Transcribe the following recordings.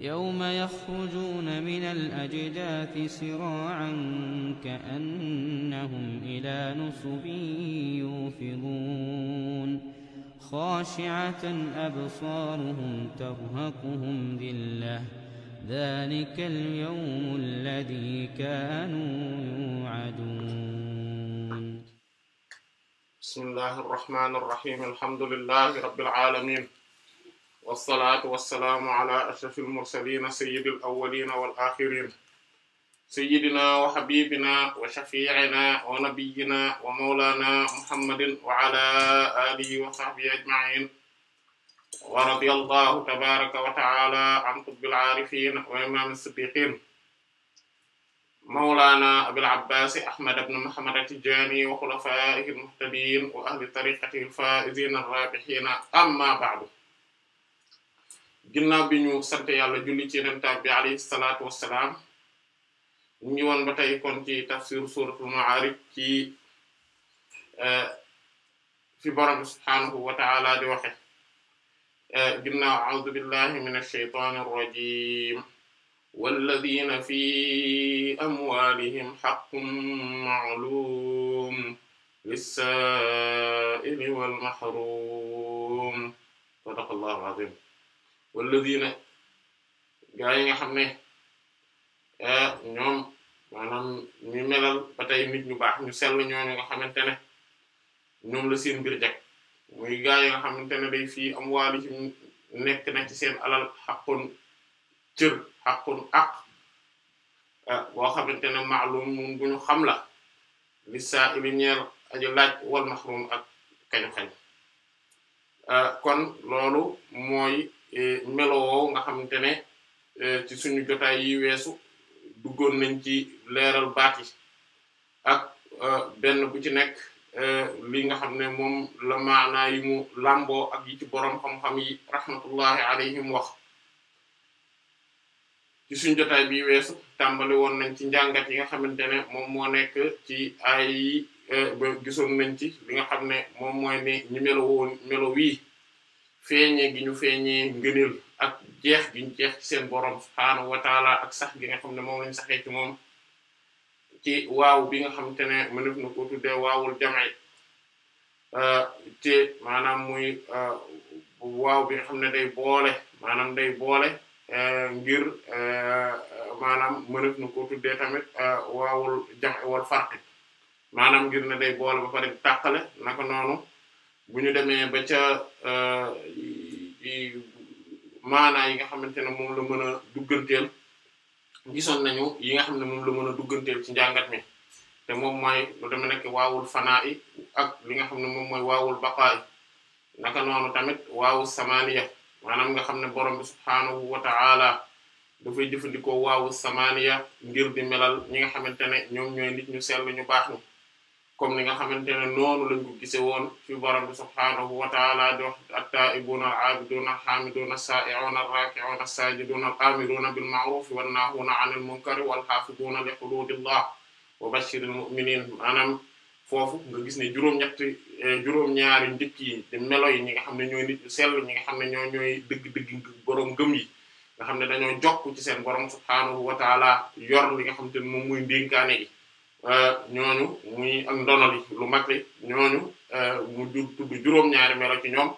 يوم يخرجون من الأجداث سراعا كأنهم إلى نصب يوفضون خاشعة أبصارهم ترهقهم ذلة ذلك اليوم الذي كانوا يوعدون بسم الله الرحمن الرحيم الحمد لله رب العالمين wasalaatu wasalaamu ala ashrafil mursalina sayyidil awwalina wal axirin sayyidina wa xabibina wa shafiicina wa nabiyina wa mawlana muhammadin wa ala alihi wa sahbihi ajma'in wa radiyallahu tabaraka wa ta'ala an qutbil aarifin wa imam siddiqin mawlana abil abbas ahmad ibn muhammad at-tijani wa xulafaa'ihi al-muhtadin wa ahli tariqatihi al-faa'izin ar-raabihin amma ba'du ginnaaw bi ñu sant yàlla julli ci rentaab bi alayhi salaatu wassalaam ñu ngi woon ba tey kon ci tafsir suratul ma'arij ci e, fi borom subhaanahu wa ta'ala di waxe e, ginnaaw a'uudu billahi minash shaytaanir rajiim walladhiina fi amwaalihim haqqun ma'luum lis-saa'ili wal mahruum sadaqallaahu al-'aziim walladina gaa yi nga xam ne eh, ñoom maanaam ñu melal ba tey nit ñu baax ñu sell ñooñu nga xamante ne ñoom la seen mbir jag muy gaa yi nga xamante ne day fii am waali ci nekk na ci seen alal xaqun cër xaqun aq eh, boo xamante ne maalum moom bu ñu xam la lissaa ili ñeel aju laaj wal mahrum ak kañu-kañ eh, kon loolu mooy Eh, melo woowu nga xamante ne eh, ci suñu jotaay yi weesu duggoon nañ ci leeral baat yi ak eh, benn bu ci nekk li nga xam ne moom la maanaa yi mu làmboo ak yi ci boroom xam-xam yi rahmatullahi alayhim wax ci suñu jotaay bi weesu tàmbali woon nañ ci njàngat yi nga xamante ne moom moo nekk ci ay ba gisoon nañ ci li nga xam ne moom mooy ne ñi melo woon melo wii feeñee gi ñu feeñee ngëneel ak jeex gi jeex ci seen borom subhaanahu wa taala ak sax gi nga xam ne moom lañ saxee ci moom ci waaw bi nga xamante ne mënef na ko tuddee waawul jamay euh, te maanaam muy euh, waaw bi xam ne day boole maanaam day boole euh, ngir maanaam mënef na ko tuddee tamit waawul jamay wal farqi maanaam ngir ne day boole ba pare tàqale naka noonu bu ñu demee ba ca euh, maanaa yi nga xamante ne moom la mën a dugganteel gisoon nañu yi nga xam ne moom la mën a dugganteel ci njàngat mi te moom mooy lu deme nekk waawul fanaa yi ak li nga xam ne moom mooy waawul baqaa yi naka noonu tamit waawu samaniya maanaam nga xam ne borom bi subhaanahu wa ta'ala dafay jëfandikoo waawu samaniya ngir di melal ñi nga xamante ne ñoom ñooy nit ñu sell ñu baax ñu comme ni nga xamante ne noonu lañ ko gise woon fi borom bi subhaanahu wa taala a wax at-taa'ibuuna a aabiduuna a haamiduuna a saaiuuna ar-raaki'uuna as-saajiduuna al-aamiruuna bil-ma'ruufi wan-naahuuna 'anil munkari wal-haafiduuna li huduudillah wa bashiril foofu nga gis juróom-ñetti eh, juróom-ñaari njëkk yi di melo yi ñi nga xam ne ñooy nit ñu sell ñoo ñooy dëgg-dëgg borom gëm yi nga xam ne dañoo jokk ci seen borom subhaanahu wa taala yor nga xam te ne moom muy Euh, ñooñu muy ak ndono lu mag li ñooñu euh, mu tudd juróom-ñaari melo ci ñoom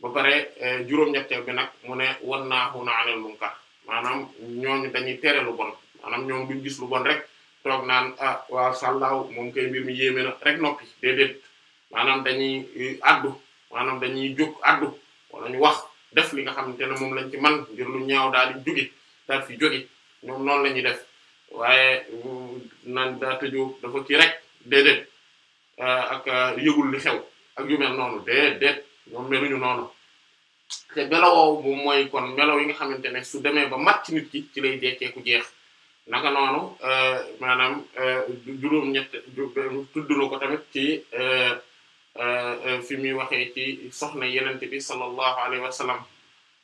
ba pare euh, juróom-ñetteel bi nag mu ne wan naa xuna anil munkar maanaam ñooñu dañuy tere lu bon maanaam ñoom duñ gis lu bon rek toog naan ah waaw sàllaaw moom kay mbir mi yéeme na rek noppi déedéet maanaam dañuy addu maanaam dañuy jóg addu wala ñu wax def li nga xam ne moom lañ ci man ngir lu ñaaw daal di jóge daal fi jóge ñoom noonu la ñuy def waaye naan daa tëju dafa kii rek déedéet euh, ak euh, yëgul li xew ak yu mel noonu déedéet ñoom meluñu noonu te melowoo mooy kon melow yi nga xamante ne su demee ba mat ci nit ki ci lay jekkee ku jeex naka noonu euh, maanaam juróom-ñett tudd na ko tamit ci fi muy waxee ci soxna yeneen bi sallallahu alayhi wa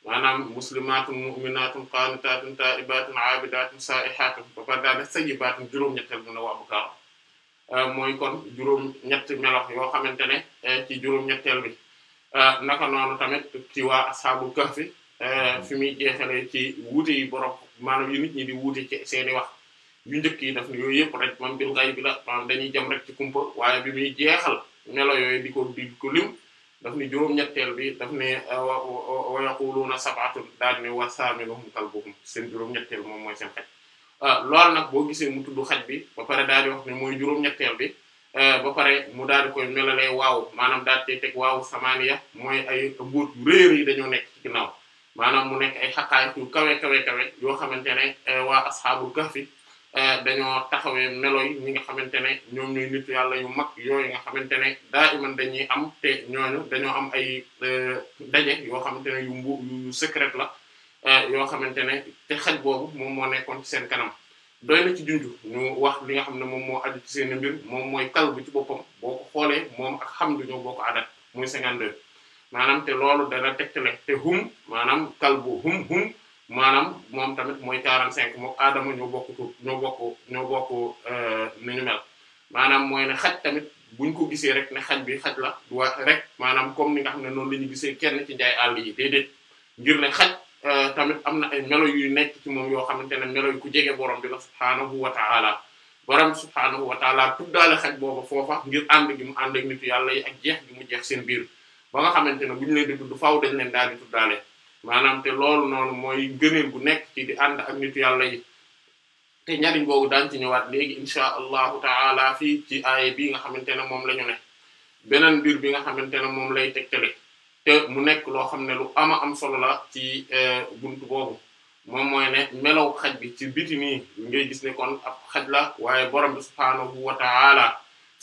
maanaam muslimaatun mu'minaatun qaanitaatun taa'ibaatun aabidaatun saa'ihaatun ba pare daal di sayyibaatun juróom-ñettel mu ne wa abkaar euh, mooy kon juróom-ñetti melo yoo xamante ne euh, ci juróom-ñetteel bi euh, naka noonu tamit ci waa ashaabul kahfi fi muy jeexalee ci wuute yi borom maanaam yu nit ñi di wuute ci seeni wax yu njëkk yi daf ne yooyu yëpp rek man bil gayb bi la maanaam dañuy jëm rek ci kumpa waaye bi muy jeexal melo yooyu di ko di ko daf ni juróom-ñetteel bi daf ne wa yaquluuna sab'atun daal ne wa saaminuhum kalbuhum seen juróom-ñetteel moom mooy seen xaj ah, lool nag boo gisee mu tudd xaj bi ba pare daal di wax ne mooy juróom-ñetteel bi eh, ba pare mu daal di koy melalee waaw maanaam daal di teg waaw ya mooy ay mbuut yu réer dañoo nekk ci ginnaaw maanaam mu nekk ay xaqaay yu kawe kawe kawe yoo xamante ne eh, waa asxaabul kahfi Euh, dañoo taxawee melo yi ñi nga xamante ne ñoom ñooy nitu yàlla yu mag yooyu nga xamante ne daa iman dañuy am te ñooñu dañoo am ay euh, daje yoo xamante ne yu mbu yu secret la euh, yoo xamante ne te xaj boobu moom moo nekkoon ci seen kanam doy na ci junju ñu wax li nga xam ne moom mo aju ci seen mbir moom mooy kal bu ci boppam boo ko xoolee moom ak xam du ñoo boo ko adat muy 52 maanaam te loolu dana tegtale te hum maanaam kal hum hum maanaam moom tamit mooy 45 moom aadama ñoo bokk tur ñoo bokk ñoo bokk euh, ni ñu mel maanaam mooy ne xaj tamit buñ ko gisee rek ne xaj bi xaj la du wax rek maanaam comme ni nga xam ne noonu la ñu gisee kenn ci njaay àll yi déedéet ngir ne xaj euh, tamit am na ay melo yu nekk ci moom yoo xamante ne melo yu ku jege boroom bi la subhaanahu wa ta'ala borom subhaanahu wa ta'ala tuddaale xaj booba foofa ngir ànd gi mu ànd ak nitu yàlla yi ak jeex gi mu jeex seen biir ba nga xamante ne buñ leen di tudd faaw dañ leen daal di tuddaale maanaam te loolu noonu mooy gëneel gu nekk ci di ànd ak nitu yàlla yi te ñariñ boobu daan ci ñëwaat léegi insha allahu taala fii ci aaya bi nga xamante ne moom la ñu ne beneen mbir bi nga xamante ne moom lay teg te mu nekk loo xam ne lu ama am solo la ci eh, buntu boobu moom mooy ne melaw xaj bi ci biti nii ngay gis ne kon ab xaj la waaye borom bi subhaanahu wa taala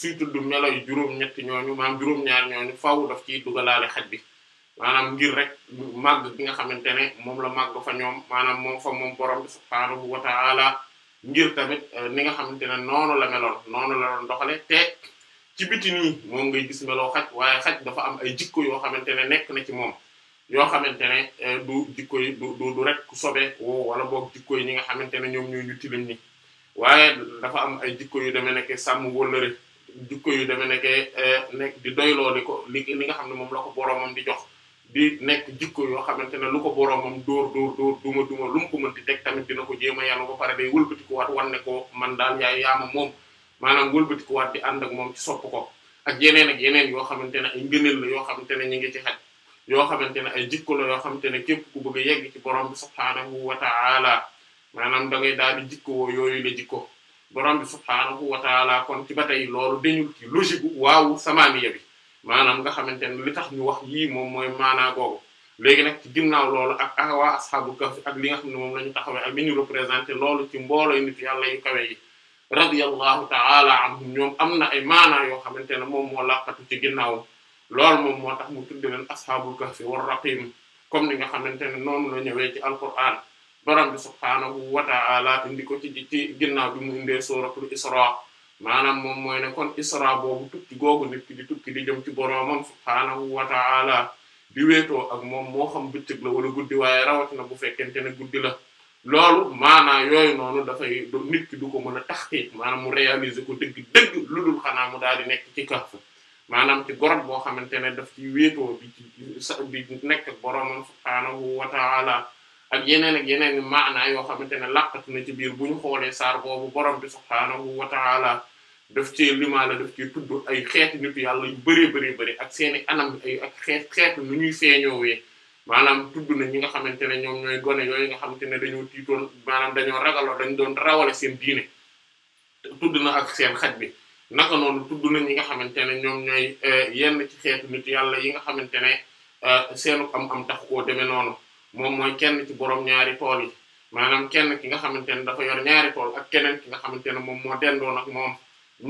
suy tudd melaw juróom-ñetti ñooñu maam juróom-ñaar ñooñu faaw daf ciy dugalaale xaj bi maanaam ngir rek màgg bi nga xamante ne moom la màgg fa ñoom maanaam moom fa moom borom bi subhaanahu wa ta'ala ngir tamit euh, ni nga xamante ne noonu la meloon noonu la doon doxale te ci biti nii moom ngay gis meloo xaj waaye xaj dafa am ay jikko yoo xamante ne nekk na ci moom yoo xamante ne euh, du jikko yi du du rek ku sobee wala boog jikko yi ñi nga xamante ne ñoom ñoo ñu tilim ni waaye dafa am ay jikko yu demee nekk sàmm wóllëre jikko yu demee nekk euh, nekk di doyloo li ko li li nga xam ne moom la ko boromam di jox di nekk jikko yoo xamante ne lu ko boroomam dóor dóor dóor duma duma lu mu ko mënti teg tamit dina ko jéem a yàlla ba pare day wëlbatikuwaat wan ne ko man daal yaay yaama moom maanaam wëlbatikuwaat di ànd ak moom ci sopp ko ak yeneen ak yeneen yoo xamante ne ay ngëneel la yoo xamante ne ñu ngi ci xaj yoo xamante ne ay jikko la yoo xamante ne képp ku bëgg a yegg ci borom bi subhaanahu wa ta'ala maanaam da ngay daal di jikko woo yooyu la jikko borom bi subhaanahu wa ta'ala kon ci ba tey loolu dañul ci logique waawu samaaniya bi maanaam nga xamante ne li tax ñu wax yii moom mooy maanaa googu léegi nag ci ginnaaw loolu ak ak waa asxaabu ak li nga xam ne moom la ñu taxawee ak li ñu représenté loolu ci mbooloo nit yàlla yu kawe yi radiyallahu ta'ala am ñoom am na ay maanaa yoo xamante ne moom moo laqatu ci ginnaaw lool moom moo tax mu tudde leen asxaabul kahf war raqim comme ni nga xamante ne noonu la ñëwee ci alquran borom bi subhaanahu wa ta'ala indi ko ci ci ginnaaw bi mu indee suratul isra maanaam moom mooy ne kon isra boobu tukki googu nit ki di tukki di jëm ci boroomam subhaanahu wa ta'ala di weetoo ak moom moo xam bëccëg la wala guddi waaye na bu fekkente ne guddi la loolu maanaam yooyu noonu dafay nit ki du ko mën a taxqiq maanaam mu réaliser ko dëgg dëgg lu dul xanaa mu daal di nekk ci kahf maanaam ci gorot boo xamante ne daf ci weetoo bi ci di nekk ak boroomam subhaanahu ak yeneen ak yeneen maanaa yoo xamante ne làqatu na ci biir bu ñu xoolee saar boobu borom bi subhaanahu wa ta'ala daf ci limaala daf ci tudd ay xeet nitu yàlla yu bëree bëree bëri ak seeni anam ay ak xeet xeetu nu ñuy feeñoowee maanaam tudd na ñi nga xamante ne ñoom ñooy gone yooyu xamante ne dañoo tiitoon maanaam dañoo ragaloo dañ doon rawale seen diine tudd na ak seen xaj bi naka noonu tudd na ñi nga xamante ne ñoom ñooy eh, yenn ci xeetu nitu yàlla yi nga xamante ne eh, seenu am am tax koo demee noonu moom mooy kenn ci borom ñaari tool maanaam kenn ki nga xamante ne dafa yor ñaari tool ak nga xamante ne moom moo dendoon ak moom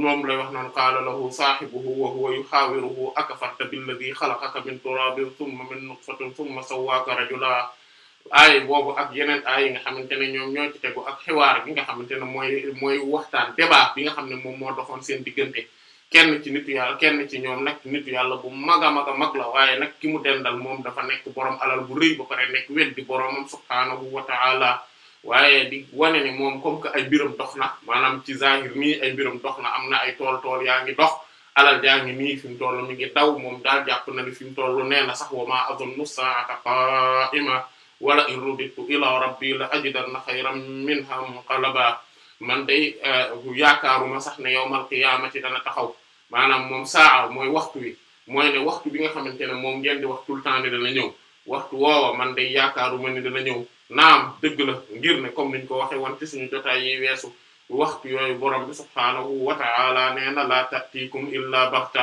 moom lay wax naan qaala lahu saahibuhu wa huwa yuhaawiruhu akafarta billadhi khalaqaka min turabin thumma min nutfatin thumma sawwaaka rajula aay boobu ak yeneen aay yi nga xamante ne ñoom ñoo ci tegu ak xiwaar bi nga xamante ne mooy mooy waxtaan débat bi nga xam ne moom moo doxoon seen diggante kenn ci nitu yàlla kenn ci ñoom nag nitu yàlla bu mag a mag a mag la waaye nag ki mu dendal moom dafa nekk borom alal bu rëy ba pare nekk weddi boromam subhaanahu wa ta'ala waaye di wane ne moom comme que ay mbiram dox na maanaam ci zahir nii ay mbiram dox na am na ay tool tool yaa ngi dox alal yaa ngi nii fi mu toll mi ngi daw moom daal jàpp na ni fi mu toll nee na sax wa ma azunnu sa'ata qa'ima wala in ruditu ila rabbi la ajidanna khayran minha munqalaba man day eh, yaakaaruma sax ne yawmal qiyaamati dana taxaw maanaam moom saa mooy waxtu wi mooy ne waxtu bi nga xamante ne moom ngeen di wax tout le temps ne dana ñëw waxtu woowa man day yaakaaruma ne dana ñëw am dëgg la ngir ne comme niñ ko waxe woon ci suñu jotaay yi weesu waxtu yooyu borom bi subhaanahu wa ta'ala nee na laa ta'tikum illaa baxta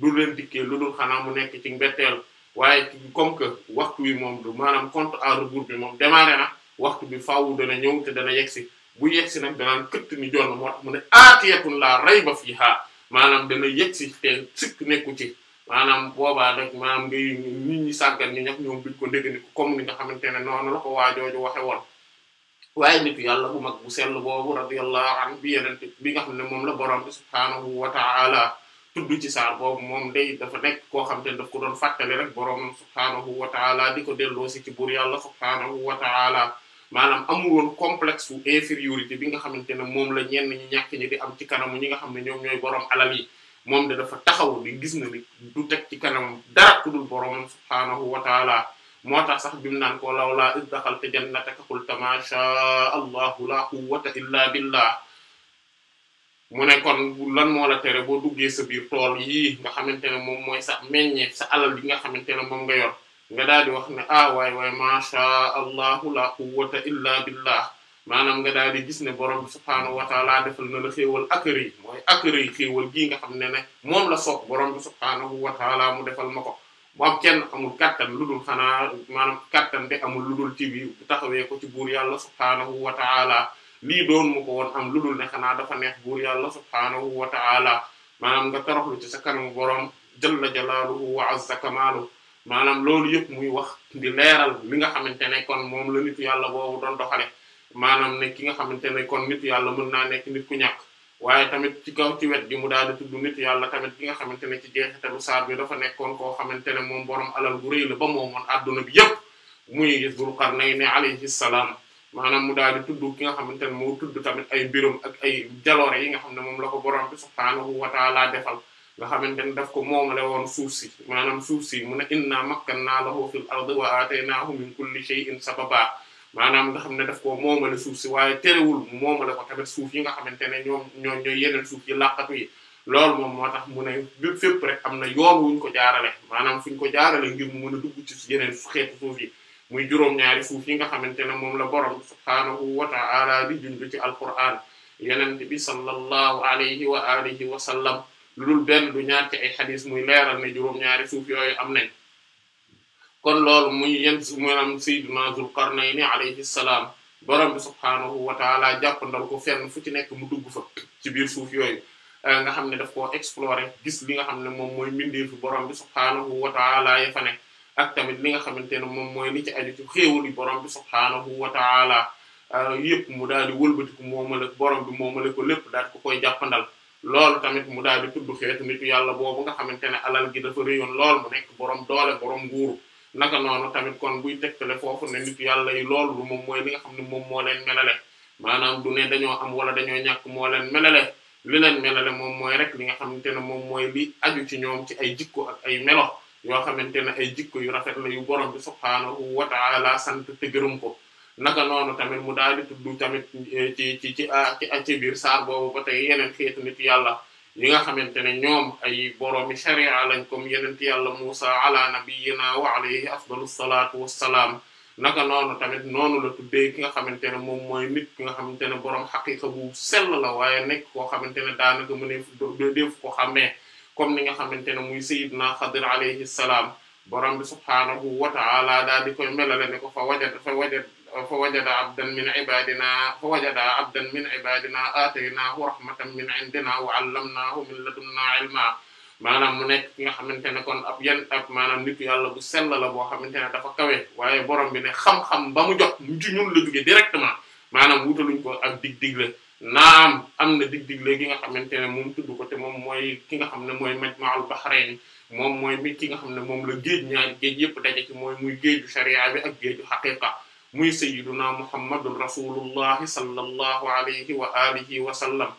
du leen dikkee lu dul xanaa mu nekk ci mbetteel waaye comme que waxtu wi moom maanaam compte à rebours bi moom démarré na waxtu bi faawu dana ñëw te dana yegsi bu yegsi nag danaan këtt ni jonn moo ne aatiyatun laa maanaam dana yegg si te sikk nekku ci maanaam boobaa rek maanaam ngay nit ñi sàggan ñi ñax ñoom duñ ko déggandiku comme ni nga xamante ne noonu la ko waajooju waxe woon waaye nitu yàlla bu mag bu sell boobu radiyallahu anhu bi yenente bi nga xam ne moom la borom bi subhaanahu wa ta'ala tudd ci saar boobu moom day dafa nekk koo xam te ne daf ko doon fàttali rek borom subhaanahu wa ta'ala di ko delloo si ci buur yàlla subhaanahu wa ta'ala maanaam amul woon complexe wu infériorité bi nga xamante ne moom la ñenn ñi ñàkk di am ci kanamu ñi nga xam ne ñoom ñooy borom alal moom de dafa taxaw di gis na ni du teg ci kanam dara ku dul borom subhaanahu wa moo tax sax bimu naan ko lawlaa iz daxalta jannataka qulta maa shaa allahu laa quwwata illaa billah mu ne kon lan moola la tere boo duggee sa biir tool yii nga xamante ne moom mooy sax meññeef sa alal bi nga xamante ne moom nga yor nga daal di wax ne ah waay waay macha allahu la quwwata illa billah maanaam nga daal di gis ne borom subhaanahu wa taala defal na la xéewal mooy akari xéewal gii nga xam ne ne moom la soog borom bi subhaanahu wa taala mu defal ma ko kenn amul kattan lu dul xanaa maanaam kattan de amul lu dul ci bi taxawee ko ci buur yàlla subhaanahu wa taala lii doon mu ko woon am lu dul ne xanaa dafa neex buur yàlla subhaanahu wa taala maanaam nga toroxlu ci sa kanamu borom jalla jalaaluhu wa azza kamaaluhu maanaam loolu yëpp muy wax di leeral li nga xamante ne kon moom la nitu yàlla boobu doon doxale maanaam ne ki nga xamante ne kon nitu yàlla mën naa nekk nit ku ñàkk waaye tamit ci kaw ci wet gi mu daal di tudd nitu yàlla tamit ki nga xamante ne ci jeexitalu saar bi dafa nekkoon koo xamante ne moom borom alal bu rëy la ba moomoon adduna bi yëpp muy Dul Qarnayni alayhi salaam maanaam mu daal di tudd ki nga xamante ne moo tudd tamit ay mbirum ak ay jaloore yi nga xam ne moom la ko borom bi subhaanahu wa taala defal. nga xamante ne daf ko moomale woon suuf si maanaam suuf si mu ne inna makkannaa lahu fil ardi wa aataynaahu min kulli shay'in sababa maanaam nga xam ne daf ko moomale suuf si waaye terewul moom ko tamit suuf yi nga xamante ne ñoom ñoo ñooy yeneen suuf yi làqatu yi loolu moom moo tax mu ne bépp fépp rek am na yoon wuñ ko jaarale maanaam fuñ ko jaarale ngir mu dugg ci yeneen xeetu suuf yi muy juróom-ñaari suuf yi nga xamante ne moom la borom subhaanahu wa ta'ala di jundu ci alquran yeneen bi sallallahu alayhi wa alihi wa sallam lu dul benn du ñaar ci ay xadis muy leeral ne juróom-ñaari suuf yooyu am nañ kon loolu muy yent maanaam sayyiduna Zulqarnayni alayhi salaam borom bi subhaanahu wa taala jàpp ndal ko fenn fu ci nekk mu dugg fa ci biir suuf yooyu eh, nga xam ne daf koo explorer gis li nga xam ne moom mooy mbindeef fi borom bi subhaanahu wa taala ya fa nekk ak tamit li nga xamante ne moom mooy li ci aju ci xéewal yi borom bi subhaanahu wa taala eh, yëpp mu daal di wëlbatiku moomale borom bi moomale ko lépp daal ko koy jàppandal loolu tamit mu daal di tudd xeetu nitu yàlla boobu nga xamante ne alal gi dafa réyoon lool borom doole borom nguuru naka noonu tamit kon buy tegtale foofu ne yàlla yi loolu lu moom mooy li nga xam ne moom moo leen melale maanaam du dañoo am wala dañoo ñàkk moo leen melale li leen melale moom mooy rek li nga xamante ne moom mooy li aju ci ñoom ci ay jikko ak ay melo yoo xamante ne ay jikko yu rafet la yu borom bi subhaanahu wa ta'ala sant te gërëm ko naka noonu tamit mu daal di tudd tamit eh, ci ci ci ah, ah, ci biir saar boobu ba tey yeneen xeetu nit yàlla yi nga xamante ne ñoom ay boroomi sharia lañ comme yeneen yàlla Musa ala nabiyyina wa alayhi afdalu salaatu wassalaam naka noonu tamit noonu la tuddee ki nga xamante ne moom mooy nit ki nga xamante ne boroom xaqiqa bu sell la waaye nekk koo xamante ne daanaka mu ne def ko xàmmee comme ni nga xamante ne muy sayyidna Xadir alayhi salaam borom bi subhaanahu wa ta'ala daal di koy melale ne ko fa wajad fa wajad fa wajada abdan min ibadina fa wajada abdan min ibadina ataynahu rahmatan min indina wa allamnahu min ladunna ilma maanaam mu nekk ki nga xamante ne kon ab yan ab maanaam nitu yàlla bu sell la boo xamante ne dafa kawe waaye borom bi ne xam-xam ba mu jox mu ci ñun la directement maanaam wutaluñ ko ak dig-dig la naam am na dig-digle gi nga xamante ne moom tudd ko te moom mooy ki nga xam ne mooy majma'ul bahrayn moom mooy mi ki nga xam ne moom la géej ñaari géej yépp daje ci mooy muy géeju sharia bi ak géeju haqiqa muy sayyiduna muhammadun rasulullahi sallallahu alayhi wa alihi wa sallam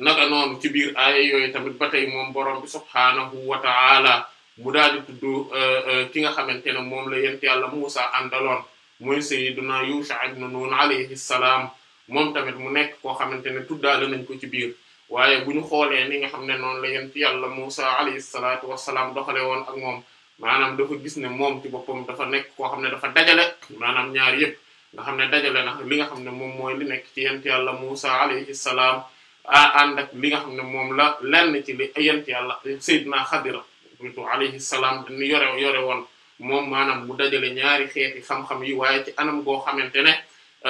naka noonu ci biir aaya yooyu tamit ba moom borom bi subhaanahu wa ta'ala mu daal di tudd euh, euh, ki nga xamante ne moom la yent yàlla Muusa àndaloon muy sayyiduna Yusha ibn Nun alayhi salaam moom tamit mu nekk koo xamante ne tuddaale nañ ko ci biir waaye bu ñu xoolee ni nga xam ne noonu la yent yàlla Muusa alayhi salaatu wa salaam doxale woon ak moom maanaam dafa gis ne moom ci boppam dafa nekk koo xam ne dafa dajale maanaam ñaar yëpp nga xam ne dajale na li nga xam ne moom mooy li nekk ci yent yàlla Musa alayhi salaam a ànd ak li nga xam ne moom la lenn ci li yent yàlla Seydina Xadira plutôt alayhi salaam ni yore yore woon moom maanaam mu dajale ñaari xeeti xam-xam yi waaye ci anam goo xamante ne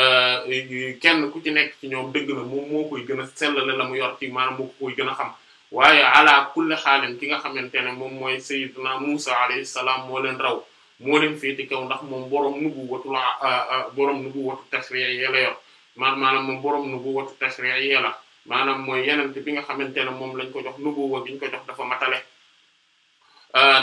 euh, kenn ku ci nekk ci ñoom dëgg la moom moo koy gën a sellale la mu yor ci maanaam moo ko koy gën a xam waaye ala kulli xaalin ki nga xamante ne moom mooy sayyiduna Musa alayhi salaam moo leen raw moo leen féete kaw ndax moom borom nubuwwatu la ah, ah, ah, borom nubuwwatu tashri'i yee la yor maanaam moom borom nubuwwatu tashri'i yee la maanaam mooy yeneen bi nga xamante ne moom lañ ko jox nubuwwa gi ñu ko jox dafa matale.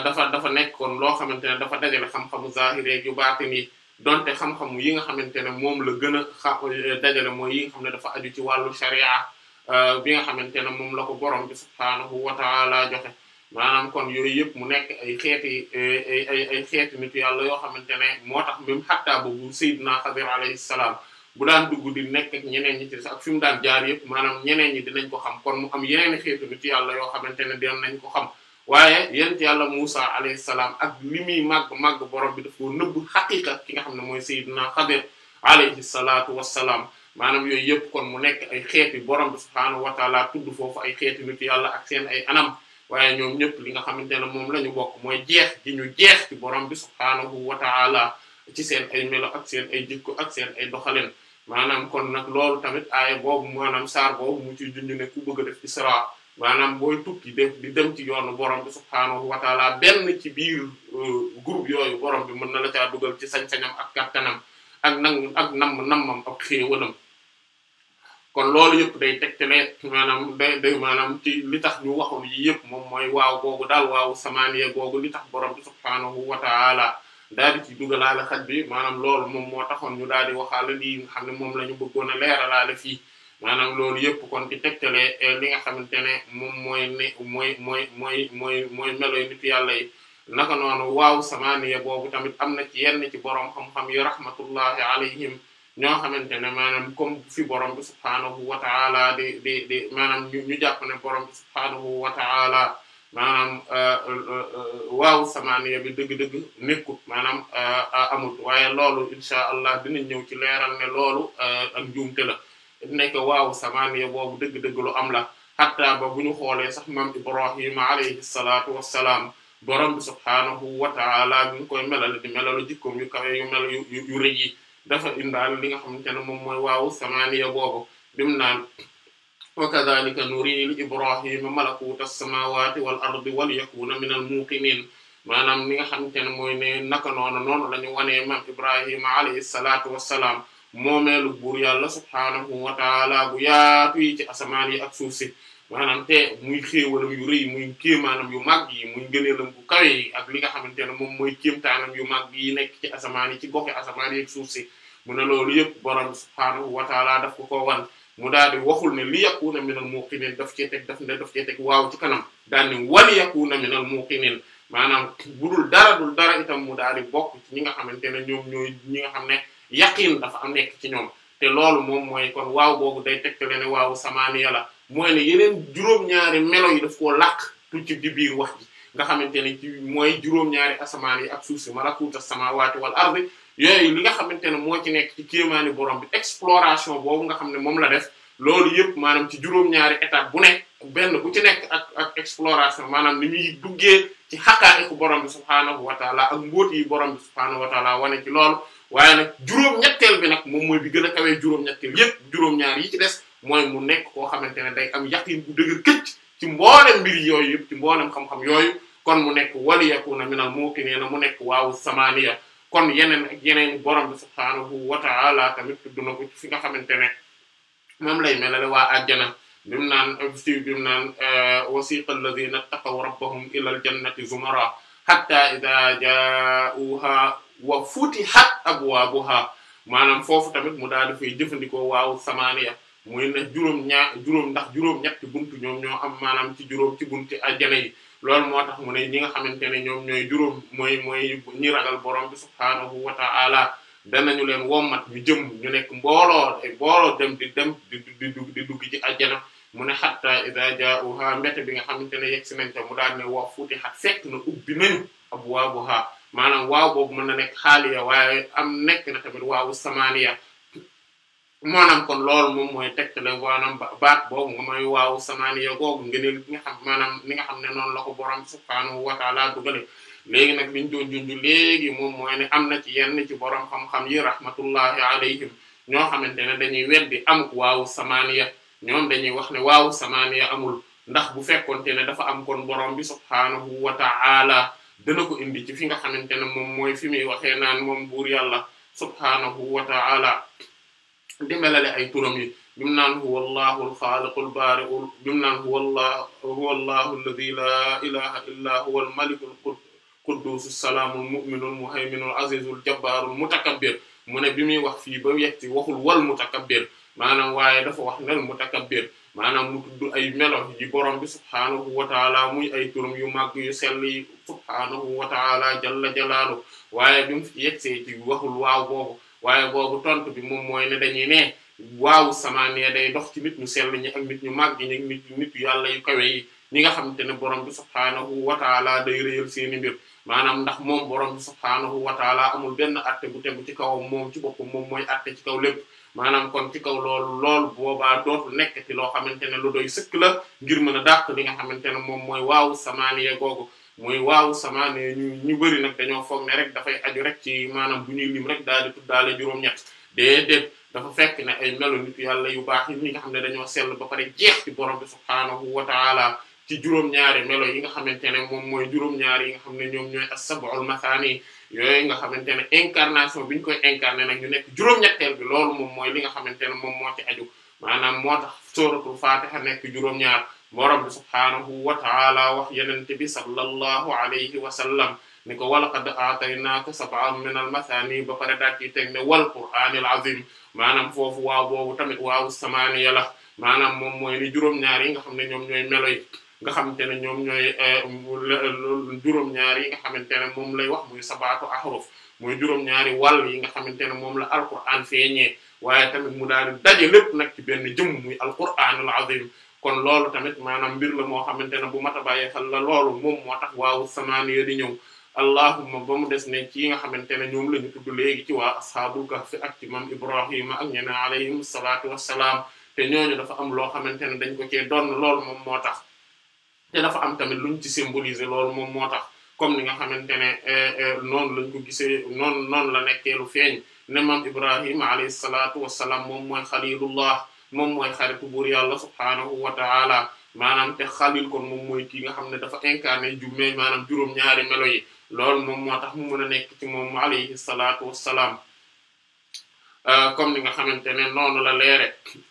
dafa dafa nekkoon loo xamante ne dafa dajale xam-xamu zahir yu baatin yi donte xam-xamu yi nga xamante ne moom la gën a xa dajale mooy yi nga xam ne dafa aju ci wàllu sharia Euh, bi nga xamante ne moom la ko borom bi subhaanahu wa ta'ala joxe maanaam kon yooyu yëpp mu nekk ay xeeti ay ay ay xeeti nitu yàlla yoo xamante ne moo tax même xattaa boobu Seydina Xadir alayhi salaam bu daan dugg di nekk ak ñeneen ñi ci ak fi mu daan jaar yëpp maanaam ñeneen ñi dinañ ko xam kon mu yeneen xeetu nitu yàlla xamante ne dinañ ko xam waaye yent yàlla Musa alayhi salaam ak li muy màgg màgg borom bi daf ko nëbb ki nga xam ne mooy Seydina Xadir alayhi salaatu wassalaam maanaam yooyu yëpp kon mu nekk ay xeeti borom bi subhaanahu wa taala tudd foofu ay xeeti nit yàlla ak seen ay anam waaye ñoom ñëpp li nga xamante ne moom la ñu bokk mooy jeex gi ñu jeex ci boroom bi subhaanahu wa taala ci seen ay melo ak seen ay jëkko ak seen ay doxalin maanaam kon nag loolu tamit aaya boobu maanaam saar boobu mu ciy junj ne ku bëgg a def isra maanaam booy tukki def di dem ci yoonu borom bi subhaanahu wa taala benn ci biir euh, groupe yooyu borom bi mën na la caa dugal ci sañ-sañam ak kattanam ak nang ak namm nammam ak xéewalam kon loolu yëpp day tegtale maanaam day day maanaam ci li tax ñu waxoon yi yëpp moom mooy waaw googu daal waaw samaaniya googu li tax borom bi subhaanahu wa ta'ala daal di ci dugalaale xaj bi maanaam loolu moom moo taxoon ñu daal di waxaale lii xam ne moom la ñu bëggoon a leeralaale fii maanaam loolu yëpp kon ci tegtale eh, li nga xamante ne moom mooy ne mooy mooy mooy mooy mooy melo nit yàlla yi naka noonu waaw samaaniya boobu tamit am na ci yenn ci borom xam-xam yi rahmatullahi alayhim ñoo xamante ne maanaam comme fi borom bi subhaanahu wa ta'ala di di di maanaam ñu jàpp ne borom bi subhaanahu wa ta'ala euh, euh, euh, samaaniya bi dëgg-dëgg nekkut maanaam amut waaye loolu insha allah dinañ ñëw ci leeral ne loolu ak njuumte la nekk waaw samaaniya boobu dëgg-dëgg lu am la xataa ba bu ñu xoolee sax maam ibrahima alayhi salaatu wassalaam borom bi subhaanahu wa ta'ala bi ñu koy melal di melalu jikkoom yu kawe yu mel yu yu rëy dafa indaal li nga xamante ne moom mooy waawu samaaniya boobu bim naan wa kadhalika nuri li ibrahima malakuta samawati wal ardi wal yakuna min al muqinin maanaam nga xamante ne mooy ne naka noonu noonu la ñu wanee mam ibrahima alayhi salatu wassalaam moomeelu buur yàlla subhaanahu wa taala bu yaatu yi ci yi ak suuf si maanaam te muy xéewalam yu rëy muy kéemaanam yu mag yi muy ngëneelam bu kawe yi ak li nga xamante ne moom mooy kéemtaanam yu màgg yi nekk ci asamaan yi ci goxi asamaan yi ak suuf si mu a loolu yëpp borom subhaanahu wa daf ko ko wan mu daal di waxul ne li yakuna minal muqinin daf cee teg daf ne daf cee teg waaw ci kanam daal ne wali yakuna minal muqinin maanaam budul dara dul dara itam mu daal di bokk ñi nga xamante ne ñoom ñooy ñi nga xam ne yaqin dafa am nekk ci ñoom te loolu moom mooy waaw boobu day tegtale ne waaw samaaniya la mooy ne yeneen juróom-ñaari melo yi daf koo làkk tu ci di biir wax ji nga xamante ne ci mooy juróom-ñaari asamaan yi ak suuf si malakuuta samaawaati wal ardi yooyu li nga xamante ne moo ci nekk ci kéemaani borom bi exploration boobu nga xam ne moom la def loolu yëpp maanaam ci juróom-ñaari étape bu nekk benn bu ci nekk ak ak exploration maanaam ni ñuy duggee ci xaqaayiku borom bi subhaanahu wa taala ak mbóoti yi borom bi subhaanahu wa taala wane ci loolu waaye nag juróom bi nag moom mooy bi gën a kawee yëpp juróom yi ci des mooy mu nekk koo xamante ne day am yaqin bu dëgër ci mboolem mbir yooyu ci mboolem xam-xam yooyu kon mu nekk wali yakuna minal muqinina mu nekk waawu samaniya kon yeneen ak yeneen borom bi subhaanahu wa ta'ala tamit du na ko fi nga xamante ne moom lay melale waa àjjana bi mu naan si bi mu naan wasiqa alladhina ittaqaw rabbahum ila aljannati zumara hatta idha ja'uha wa futihat abwabuha maanaam foofu tamit mu daal di fay jëfandikoo waawu samaniya muy ne juróom ñaar juróom ndax juróom ñetti buntu ñoom ñoom am maanaam ci juróom ci buntu ajjana yi loolu moo tax mu ne ñi nga xamante ne ñoom ñooy juróom mooy mooy ñi ragal borom bi subhaanahu wa ta'ala danañu leen mat ñu jëm ñu nekk mbooloo mbooloo dem di dem di di di dugg ci ajjana mu ne hatta idha ja'uha mbete bi nga xamante ne yegg si nañ te mu daal ne wa futihat fekk na ubbi nañu abwaabuha maanaam waaw boobu mën na nekk xaaliya waaye am nekk na tamit waawu samaaniya maanaam kon loolu moom mooy tegtale maanaam baat boobu mooy waaw samaaniya googu ngëneel bi nga xam nga xam ne noonu la ko borom subhaanahu wa ta'ala dugale léegi nag liñ doon junj léegi moom mooy am na ci yenn ci borom xam-xam yi rahmatullahi alayhim ñoo xamante ne dañuy weddi amuk waaw samaaniya ñoom dañuy wax ne waaw samaaniya amul ndax bu fekkonte ne dafa am kon borom bi subhaanahu wa ta'ala dana ko indi fi nga xamante ne moom mooy fi muy waxee naan moom buur yàlla subhaanahu wa di melale ay turam yi bi mu naan huwa allahu alxaaliqu albaari'u bi mu naan huwa allah huwa allahu alladi laa ilaha illaa huwa almaliku alqudduusu salaamu almu'minu almuhayminu alazizu aljabbaaru almutakabbir mu ne bi muy wax fii ba yetti waxul wal mutakabbir maanaam waaye dafa wax nal mutakabbir maanaam mu tudd ay melo yi borom bi subhaanahu wa taala muy ay turam yu màgg yu sell yi subhaanahu wa taala jalla jalaalu waaye bi mu yeggsee ci waxul waaw boobu waaye boobu tontu bi moom mooy ne dañuy ne waaw samaaniya day dox ci nit ñu sell ñi ak nit ñu màgg ñi nit nit yàlla yu kawe yi ñi nga xamante ne borom bi subhaanahu wa taala day réyal seeni mbir maanaam ndax moom borom bi subhaanahu wa taala amul benn atte te tegu ci kawam moom ci boppam moom mooy atte ci kaw lépp maanaam kon ci kaw loolu lool boobaa dootul nekk ci loo xamante ne lu doy sëkk la ngir mën a dàq li nga xamante ne moom mooy waaw samaaniya googu muy waaw samaane ñu ñu bëri nag dañoo foog ne rek dafay aju rek ci maanaam bu ñuy lim rek daal fekk ne ay melo yàlla yu baax yi ñi nga xam ne dañoo sell ba pare jeex ci borom bi subhaanahu wa ta'ala ci juróom-ñaari melo yi nga xamante ne moom mooy juróom-ñaari yi nga xam ne ñoom ñooy as-sab'ul mathani yooyu nga xamante ne incarnation bi ñu koy incarné nag ñu nekk juróom-ñetteel bi loolu moom mooy li nga xamante ne moom moo ci aju maanaam moo tax sóoratul faatiha nekk juróom borom bi subhaanahu wa ta'ala wax yenente bi sallallahu alayhi wa sallam ni ko walaqad aataynaaka sab'an min al-mathani ba pare daat yi teg ne wal qur'aanil azim maanaam foofu waaw boobu tamit waaw samaaniya la maanaam moom mooy ni juróom-ñaar yi nga xam ne ñoom ñooy melo nga xamante ne ñoom ñooy eh, juróom-ñaar nga xamante ne moom lay wax muy sabaatu ahruf mooy juróom-ñaari wàll yi nga xamante ne moom la alquran feeñee waaye tamit mu daal di daje lépp nag ci benn jëmm muy alquranul azim kon loolu tamit maanaam mbir la moo xamante ne bu mat a bàyyi xel la loolu moom moo tax waawu samaaniya di ñëw allahumma ba mu des ne ci nga xamante ne ñoom la ñu tudd léegi ci waa ashaabul kahfi ak ci mam ibrahima ak ñeneen alayhim salaatu wassalaam te ñooñu dafa am loo xamante ne dañ ko cee doon loolu moom moo tax te dafa am tamit luñ ci symboliser lool moom moo tax comme ni nga xamante ne eh, eh, noon lañ ko gisee noonu la nekkee lu feeñ ne mam ibrahima alayhi salaatu moom mooy xalilullah moom mooy xaritu buur yàlla subhaanahu wa ta'ala maanaam te xalil kon moom mooy ki nga xam ne dafa incarné ju juróom-ñaari melo yi lool moom moo tax mu mën a nekk ci moom alayhi euh, comme ni nga xamante ne noonu la leere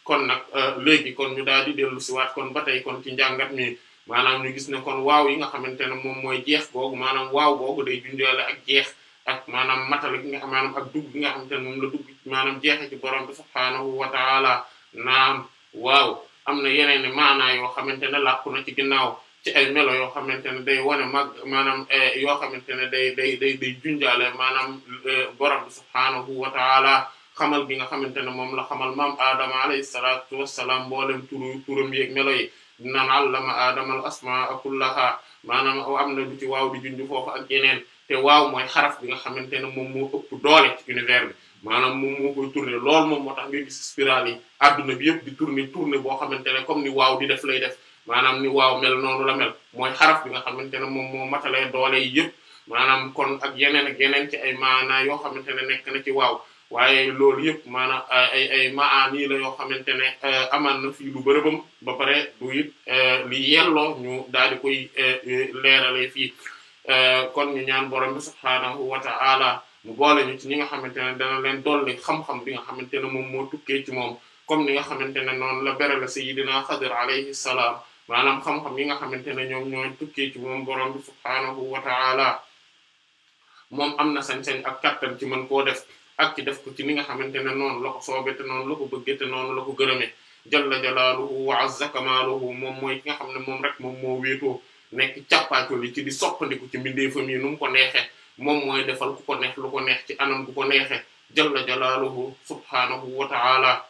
kon nag euh, léegi kon ñu daal di dellu si kon ba tey kon ci njàngat mi maanaam gis ne kon waaw yi nga xamante ne moom mooy jeex googu maanaam waaw googu day jundeele ak jeex ak maanaam matal gi nga maanaam ak dugg nga xamante ne moom la dugg maanaam jeexe ci borom bi wa ta'ala naam waaw am na yeneen i maanaa yoo xamante ne làkku na ci ginnaaw ci ay melo yoo xamante ne day wane mag maanaam eh, yoo xamante ne day day day day junjaale maanaam eh, borom bi subhaanahu wa taala xamal bi nga xamante ne moom la xamal maam aadama alayhi salaatu wassalaam mboolem turu turam yeeg melo yi dinaan allama aadama al asmaa kullaha maanaam am na lu ci waaw bi junj foofu ak yeneen te waaw mooy xaraf bi nga xamante ne moom moo ëpp doole ci univers bi maanaam moom moo koy tourner loolu moom moo tax nga gis spirale yi adduna bi yëpp di tourner tourner boo xamante ne comme ni waaw di def lay def maanaam ni waaw mel noonu la mel mooy xaraf bi nga xamante ne moom moo lay doole yi yëpp maanaam kon ak yeneen ak yeneen ci ay maanaa yoo xamante ne nekk na ci waaw waaye loolu yëpp maanaam ay ay ni la yoo xamante ne eh, amaan na fii lu bërëbam ba pare du it eh, li yelloo ñu daal di koy eh, leerale fii kon ñu ñaan borom bi subhaanahu wa ta'ala mu boole ñu ci ñi nga xamante ne dana leen dolli xam-xam bi nga xamante ne moom moo tukkee ci moom comme ni nga xamante ne noonu la berala sayyidina Xadir alayhi salaam maanaam xam-xam yi nga xamante ne ñoom ñoo tukkee ci moom borom bi subhaanahu wa ta'ala moom am na sañ-sañ ak kattan ci mën koo def ak ci def ko ci ni nga xamante ne noonu la ko soobee te noonu la ko bëggee te noonu la ko gërëmee jalla jalaaluhu wa azza kamaaluhu moom mooy ki nga xam ne moom rek moom moo wéetoo nekk càppaacoli ci di soppandiku ci mbindeefam yi nu mu ko neexee moom mooy defal ku ko neex lu ko neex ci anam gu ko neexe jalla jalaaluhu subhaanahu wa ta'ala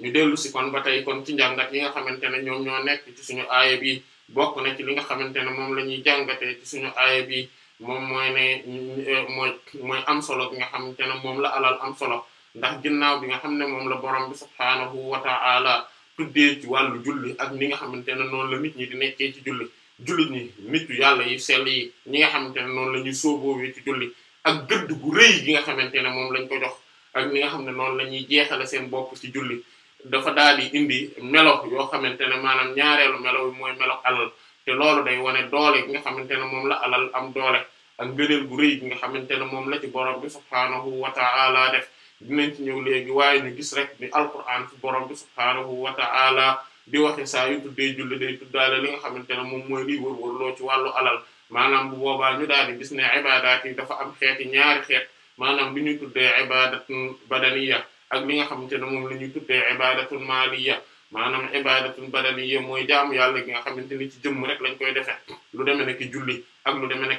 ñu dellu si kon ba tey kon ci njàngat yi nga xamante ne ñoom ñoo nekk ci suñu aaya bi bokk na ci li nga xamante ne moom la ñuy jàngatee suñu aaya bi moom mooy ne am solo bi nga xamante ne moom la alal am solo ndax ginnaaw bi nga xam ne moom la borom bi subhaanahu wa ta'ala tuddee ci wàllu julli ak ni nga xamante ne noonu la nit ñi di nekkee ci julli jullit ñi nit yàlla yi sell yi ñi nga xamante ne noonu la ñuy sóoboowee ci julli ak gëdd gu rëy gi nga xamante ne moom lañ ko jox ak ni nga xam ne noonu la ñuy jeexale seen bopp ci julli dafa daal di indi melo yoo xamante ne maanaam ñaareelu melo bi mooy melo alal te loolu day wane doole gi nga xamante ne moom la alal am doole ak ngëneel gu rëy gi nga xamante ne moom la ci borom bi subhaanahu wa ta'ala def dinañ ci ñëw léegi waaye ñu gis rek ni alquran fi borom bi subhaanahu di waxe sa yu tuddee julli day tuddaale li nga xamante ne moom mooy liy wër-wër loo ci wàllu alal maanaam bu boobaa ñu daal di gis ne ibaadaat yi dafa am xeeti ñaari xeet maanaam li ñuy tuddee ibaadatun badaniya ak li nga xamante ne moom la ñuy tuddee ibaadatun maaliya maanaam ibaadatun badaniya mooy jaamu yàlla gi nga xamante ni ci jëmm rek lañ koy defee lu demee ne ki julli ak lu demee ne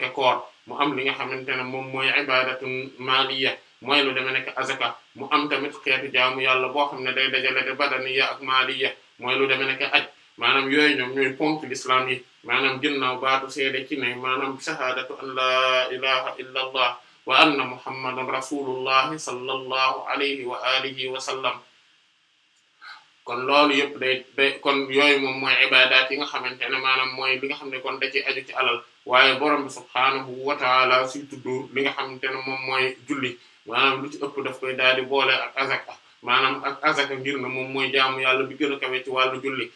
mu am li nga xamante ne moom mooy ibaadatun maaliya mooy lu demee ne ki azaka mu am tamit xeetu jaamu yàlla boo xam ne day dajale de badaniya ak maaliya mooy lu demee nekk aj maanaam yooyu ñoom ñooy ponk l'islam yi maanaam ginnaaw baatu seede ci ne maanaam shahaadatu an laa ilaha illa allah wa anna muhammadan rasulullahi sallallahu alayhi wa alihi wa sallam kon loolu yëpp day kon yooyu moom mooy ibaadaat yi nga xamante ne maanaam mooy li nga xam ne kon da ci aju ci alal waaye borom bi subhaanahu wa taala suy tudd li nga xam ne moom mooy julli maanaam lu ci ëpp daf koy daal di boole ak azaka maanaam ak azaka ngir ne moom mooy jaamu yàlla bi gën a kawe ci wàllu julli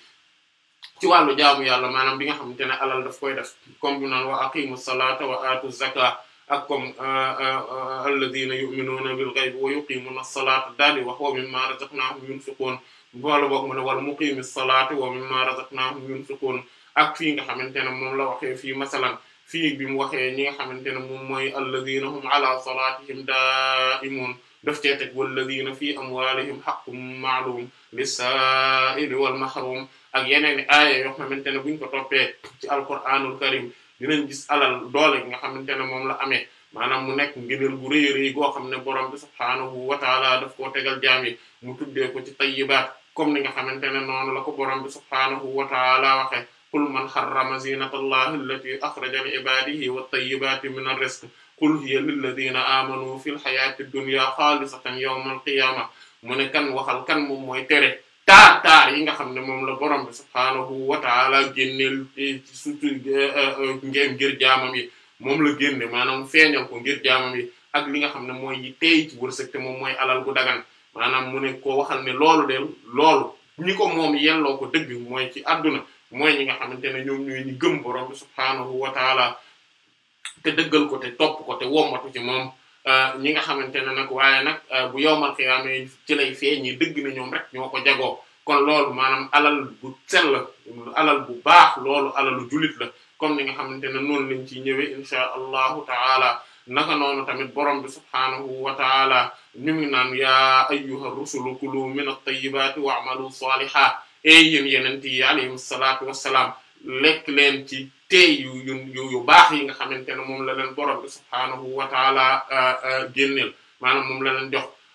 ci wàllu jaamu yàlla maanaam bi nga xamante ne alal daf koy def comme bi naan wa aqimu salata wa atu zaka ak comme euh, euh, euh, alladina yu'minuna bil ghaybi wa yuqimuna salata daal di wax wa mimma razaqnahum yunfiqun boole boog mu ne wal muqimi salati wa mimma razaqnahum yunfiqun ak fii nga xamante ne moom la waxee fii masalan fii bi mu waxee ñi nga xamante ne moom mooy alladina hum ala salatihim da'imun daf cee teg walladina fii amwalihim haqqun ma'lum lis-sa'ili wal mahrum ak yeneen i aaya yoo xamante ne buñ ko toppee ci alquranul karim dinañ gis alal doole nga xamante ne moom la amee maanaam mu nekk ngëneel gu rëy goo xam ne borom bi subhaanahu wa taala daf koo tegal jaam yi mu tuddee ko ci tayyibaat comme ni nga xamante ne noonu la ko borom bi subhaanahu wa taala waxe qul man harrama zinata allahi allati akhraja li ibadihi wat tayyibati min ar-rizq qul hiya lilladina amanu fi hayati dunya xaalisatan yawmal qiyama mu ne kan waxal kan moom mooy tere taar taar yi nga xam ne moom la borom bi subhaanahu wa taala génneel eh, surtout ngeen eh, eh, ngir jaamam yi moom la génne maanaam feeñal ko ngir jaamam yi ak li nga xam ne mooy yi tey ci wërsëg te moom mooy alal gu dagan maanaam mu ne ko waxal ne loolu del loolu ñi ko moom yelloo ko dëgg mooy ci àdduna mooy ñi nga xamante ne ñoom ñooy ñi gëm borom bi subhaanahu wa te dëggal ko te topp ko te wommatu ci moom euh, ñi nga xamante ne nag waaye nag euh, bu yowmal xiyaame ci lay fee ñi dëgg na ñoom rek ñoo ko jagoo kon loolu maanaam alal bu sell alal bu baax loolu alalu jullit la comme ni nga xamante ne noonu lañ ciy ñëwee insha allahu taala naka noonu tamit borom bi subhaanahu wa ñu ngi naan yaa ayyuha rusulu kulu min at-tayyibati wa'malu saliha e yéen yeneen yi alayhim salaatu wassalaam lekk leen ci tey yu yu yu baax yi nga xamante ne moom la leen borom bi subhaanahu wa taala uh, uh, génneel maanaam moom la leen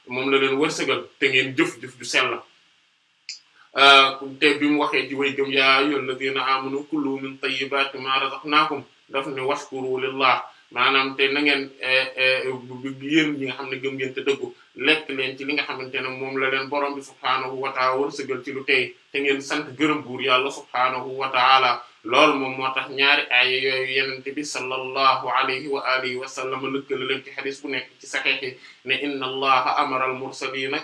moom la leen wërsëgal te ngeen jëf jëf ju sell uh, te bi mu waxee ci way gëm yaa ayyuhal ladina amanu kullu min tayyibati ma razaqnakum daf ne washkuru lillah maanaam te na ngeen yéen ñi nga xam ne gëm ngeen te dëggu leen ci li nga xamante ne moom la borom bi subhaanahu wa taala wërsëgal ci lu tey te ngeen sant gërëm buur yàlla subhaanahu wa loolu moom moo tax ñaari aaya yooyu yenente bi sallallahu alayhi wa alihi wa sallam lëkkale leen ci xadis bu nekk ci saxiix yi ne inna allaha amara a mursalina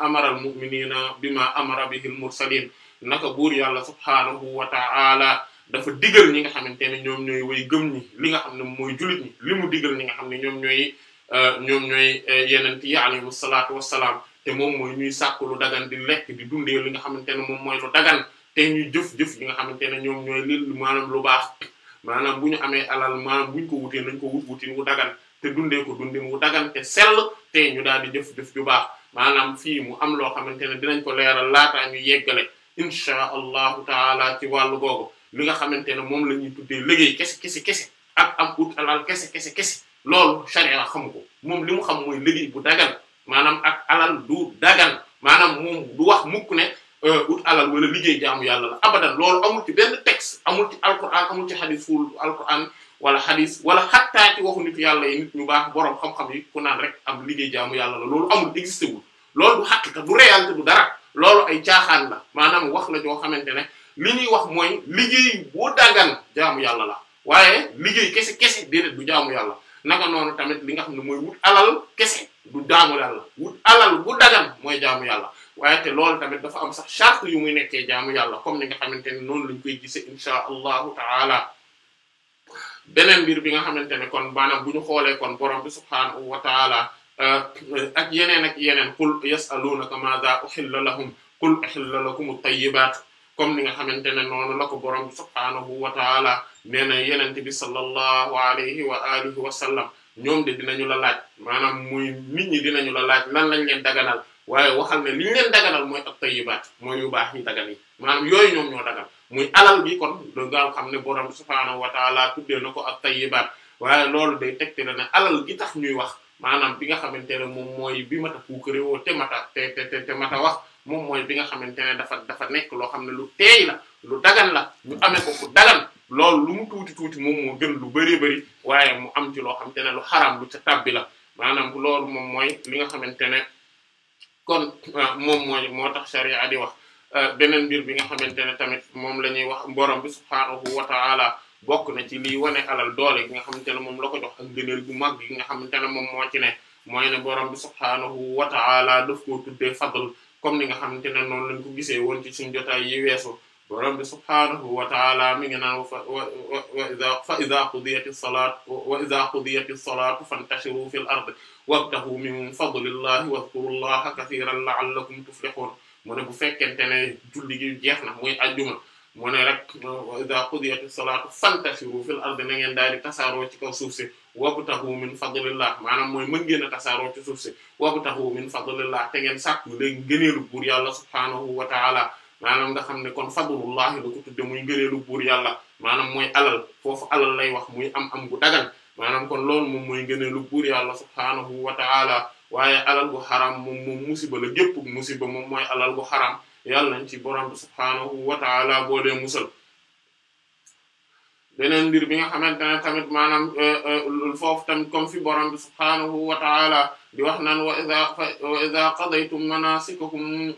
amara al muminina bima amara bihi al mursalin naka buur yàlla subhaanahu wa ta'ala dafa digal ñi nga xamante ne ñoom ñooy way gëm ñi li nga xam ne mooy jullit ñi li mu digal ñi nga xam ne ñoom ñooy eh, ñoom ñooy eh, yenent yi alayhim salaatu salaam te moom mooy ñuy sàkk lu dagan di lekk di dundee li nga xamante ne moom mooy lu dagan te ñuy jëf-jëf yi nga xamante ne ñoom ñooy li maanaam lu baax maanaam bu ñu amee alal maanaam bu ñu ko wutee nañ ko wut wutin wu dagan te dundee ko dundin wu dagan te sell te ñu daal di jëf-jëf ju baax maanaam fii mu am loo xamante ne dinañ ko leeral laataa ñu yeggale incha allahu taala ci wàllu googu li nga xamante ne moom la ñuy tuddee liggéey kese kese kese ak am ut alal kese kese kese loolu sharia xamu ko moom li mu xam mooy liggéey bu dagan maanaam ak alal du dagan maanaam moom du wax mukk ne Euh, ut alal wala liggéey jaamu yàlla la abadan loolu amul ci benn texte amul ci alquran amul ci xadis fuul alquran wala xadis wala xattaa ci waxu nit yàlla yi nit ñu baax boroom xam-xam yi ku naan rek am liggéey jaamu yàlla la loolu amul existé wul loolu du xaqiqa du réalité du dara loolu ay caaxaan la maanaam wax la joo xamante ne li ñuy wax mooy liggéey boo daggan jaamu yàlla la waaye liggéey kese kese déedéet du jaamu yàlla naka noonu tamit li nga xam ne mooy wut alal kese du daamu yàlla wut alal bu daggan waaye te loolu tamit dafa am sax charte yu muy nekkee jaamu yàlla comme ni nga xamante ne noonu lañ koy gisee insha allahu taala beneen mbir bi nga xamante ne kon maanaam bu ñu xoolee kon borom bi subhaanahu wa taala euh, ak yeneen ak yeneen qul yasaluunaka maadha uhilla lahum qul uhilla lakum at-tayyibat comme ni nga xamante ne noonu la ko borom bi subhaanahu wa taala nee na yenente bi sallallahu alayhi wa alihi wa sallam ñoom de dinañu la laaj maanaam muy nit ñi dinañu la laaj lan lañ leen daganal waaye waxal ne li ñu leen daganal mooy ak tayyibaat mooy yu baax yi dagan yi maanaam yooyu ñoom ñoo dagan muy alal bi kon da nga xam ne borom subhaanahu wa ta'ala tuddee na ko ak tayyibaat waaye loolu day tegte la ne alal gi tax ñuy wax maanaam bi nga xamante ne moom mooy bi mata puukaréwoo te mata te te te mata wax moom mooy bi nga xamante ne dafa dafa nekk loo xam ne lu teey la lu dagan la ñu amee ko loolu lu mu tuuti tuuti moom mu gën lu bari bari waaye mu am ci loo xamante ne lu xaram lu ca tabbi la maanaam loolu xamante ne kon ah, moom mooy moo tax sharia di wax ah, beneen mbir bi nga xamante ne tamit moom la ñuy wax borom bi subhaanahu wa ta'ala bokk na ci lii wane alal doole gi nga xamante ne moom la ko jox ak gëneel bu mag gi nga xamante ne moom moo ci ne mooy ne borom bi subhaanahu wa ta'ala daf koo tuddee fadl comme ni nga xamante ne noonu lañ ko gisee woon ci suñu jotaay yi weesu borom bi subhaanahu wa ta'ala mi ngi naan wa fa idha qudiyat as-salat wa idha qudiyat as-salatu fantashiru fil ardi wabtahu min fadlillahi wadhkuru llaha kathiran la'allakum tuflihun mu ne bu fekkente ne julli gi jeex na muy ajjuma mu ne rek wa idha qudiyat as-salatu fantashiru fil ardi na ngeen daal di tasaaroo ci kaw suuf si wabtahu min fadlillah maanaam mooy mën ngeen a tasaaroo ci suuf si wabtahu min fadlillah te ngeen sàkku léegi ngëneelu buur yàlla subhaanahu wa ta'ala maanaam nga xam ne kon fadlullahi la ko tudde muy ngëneelu buur yàlla maanaam mooy alal foofu alal lay wax muy am am bu dagan maanaam kon loolu moom mooy ngëneelu buur yàlla subhaanahu wa ta'ala waaye alal bu xaram moom moom musiba la gépp musiba moom mooy alal bu xaram yàlla nañ ci borom bi subhaanahu wa ta'ala boo musal beneen mbir bi nga xamante ne tamit maanaam euh, euh, foofu tamit comme fi borom subhaanahu wa ta'ala di wax naan wa idha qadaytum manasikakum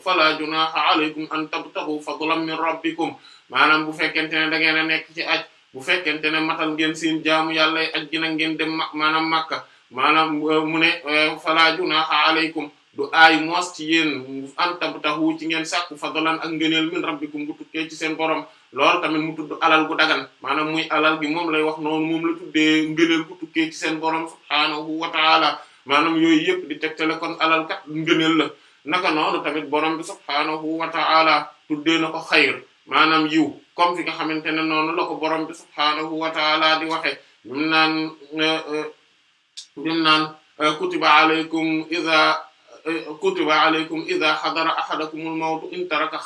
fala junaha alaykum an tabtahu fadlan min rabbikum maanaam bu fekkente ne da ngeen a nekk ci aj bu fekkente ne matal ngeen seen jaamu yàlla aj gi nag ngeen dem maanaam makka maanaam euh, mu ne na euh, junaha alaykum du aay moos ci yéen an tabtahu ci ngeen sàkku fadlan ak ngëneel min rabbikum bu tukkee ci seen borom loolu tamit mu tudd alal gu dagan maanaam muy alal gi moom lay wax noonu moom la tuddee ngëneel bu tukkee ci seen borom subhaanahu wa taala maanaam yëpp di tegtale kon alal kat ngëneel la naka noonu tamit borom bi subhaanahu wa ta'ala tuddee ko xayr maanaam yiw comme fi nga xamante ne noonu la ko borom bi subhaanahu wa di waxe bim naan eh, bim naan eh, kutiba alaykum idha eh, kutiba alaykum idha hadara ahadakumul mawtu in taraka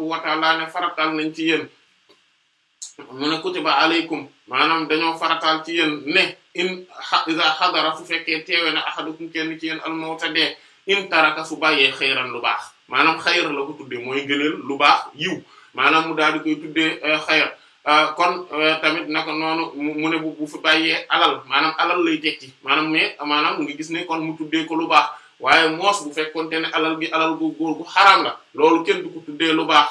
wa ta'ala ne faratal nañ ci yéen mu ne kutiba alaykum maanaam dañoo faratal ci yéen ne in iza xadara su fekkee teewe na ahadukum kenn ci yéen almawta dee in taraka su bàyyee xayran lu baax maanaam xayra la ko tuddee mooy ngëneel lu baax yiw maanaam mu daal di koy tuddee euh, xayra euh, kon euh, tamit naka noonu mu bu bu fi alal maanaam alal lay tekki maanaam mais maanaam mu ngi gis ne kon mu tuddee ko lu baax waaye moos bu fekkoonte ne alal gi alal gu góor gu xaraam la loolu kenn du lu baax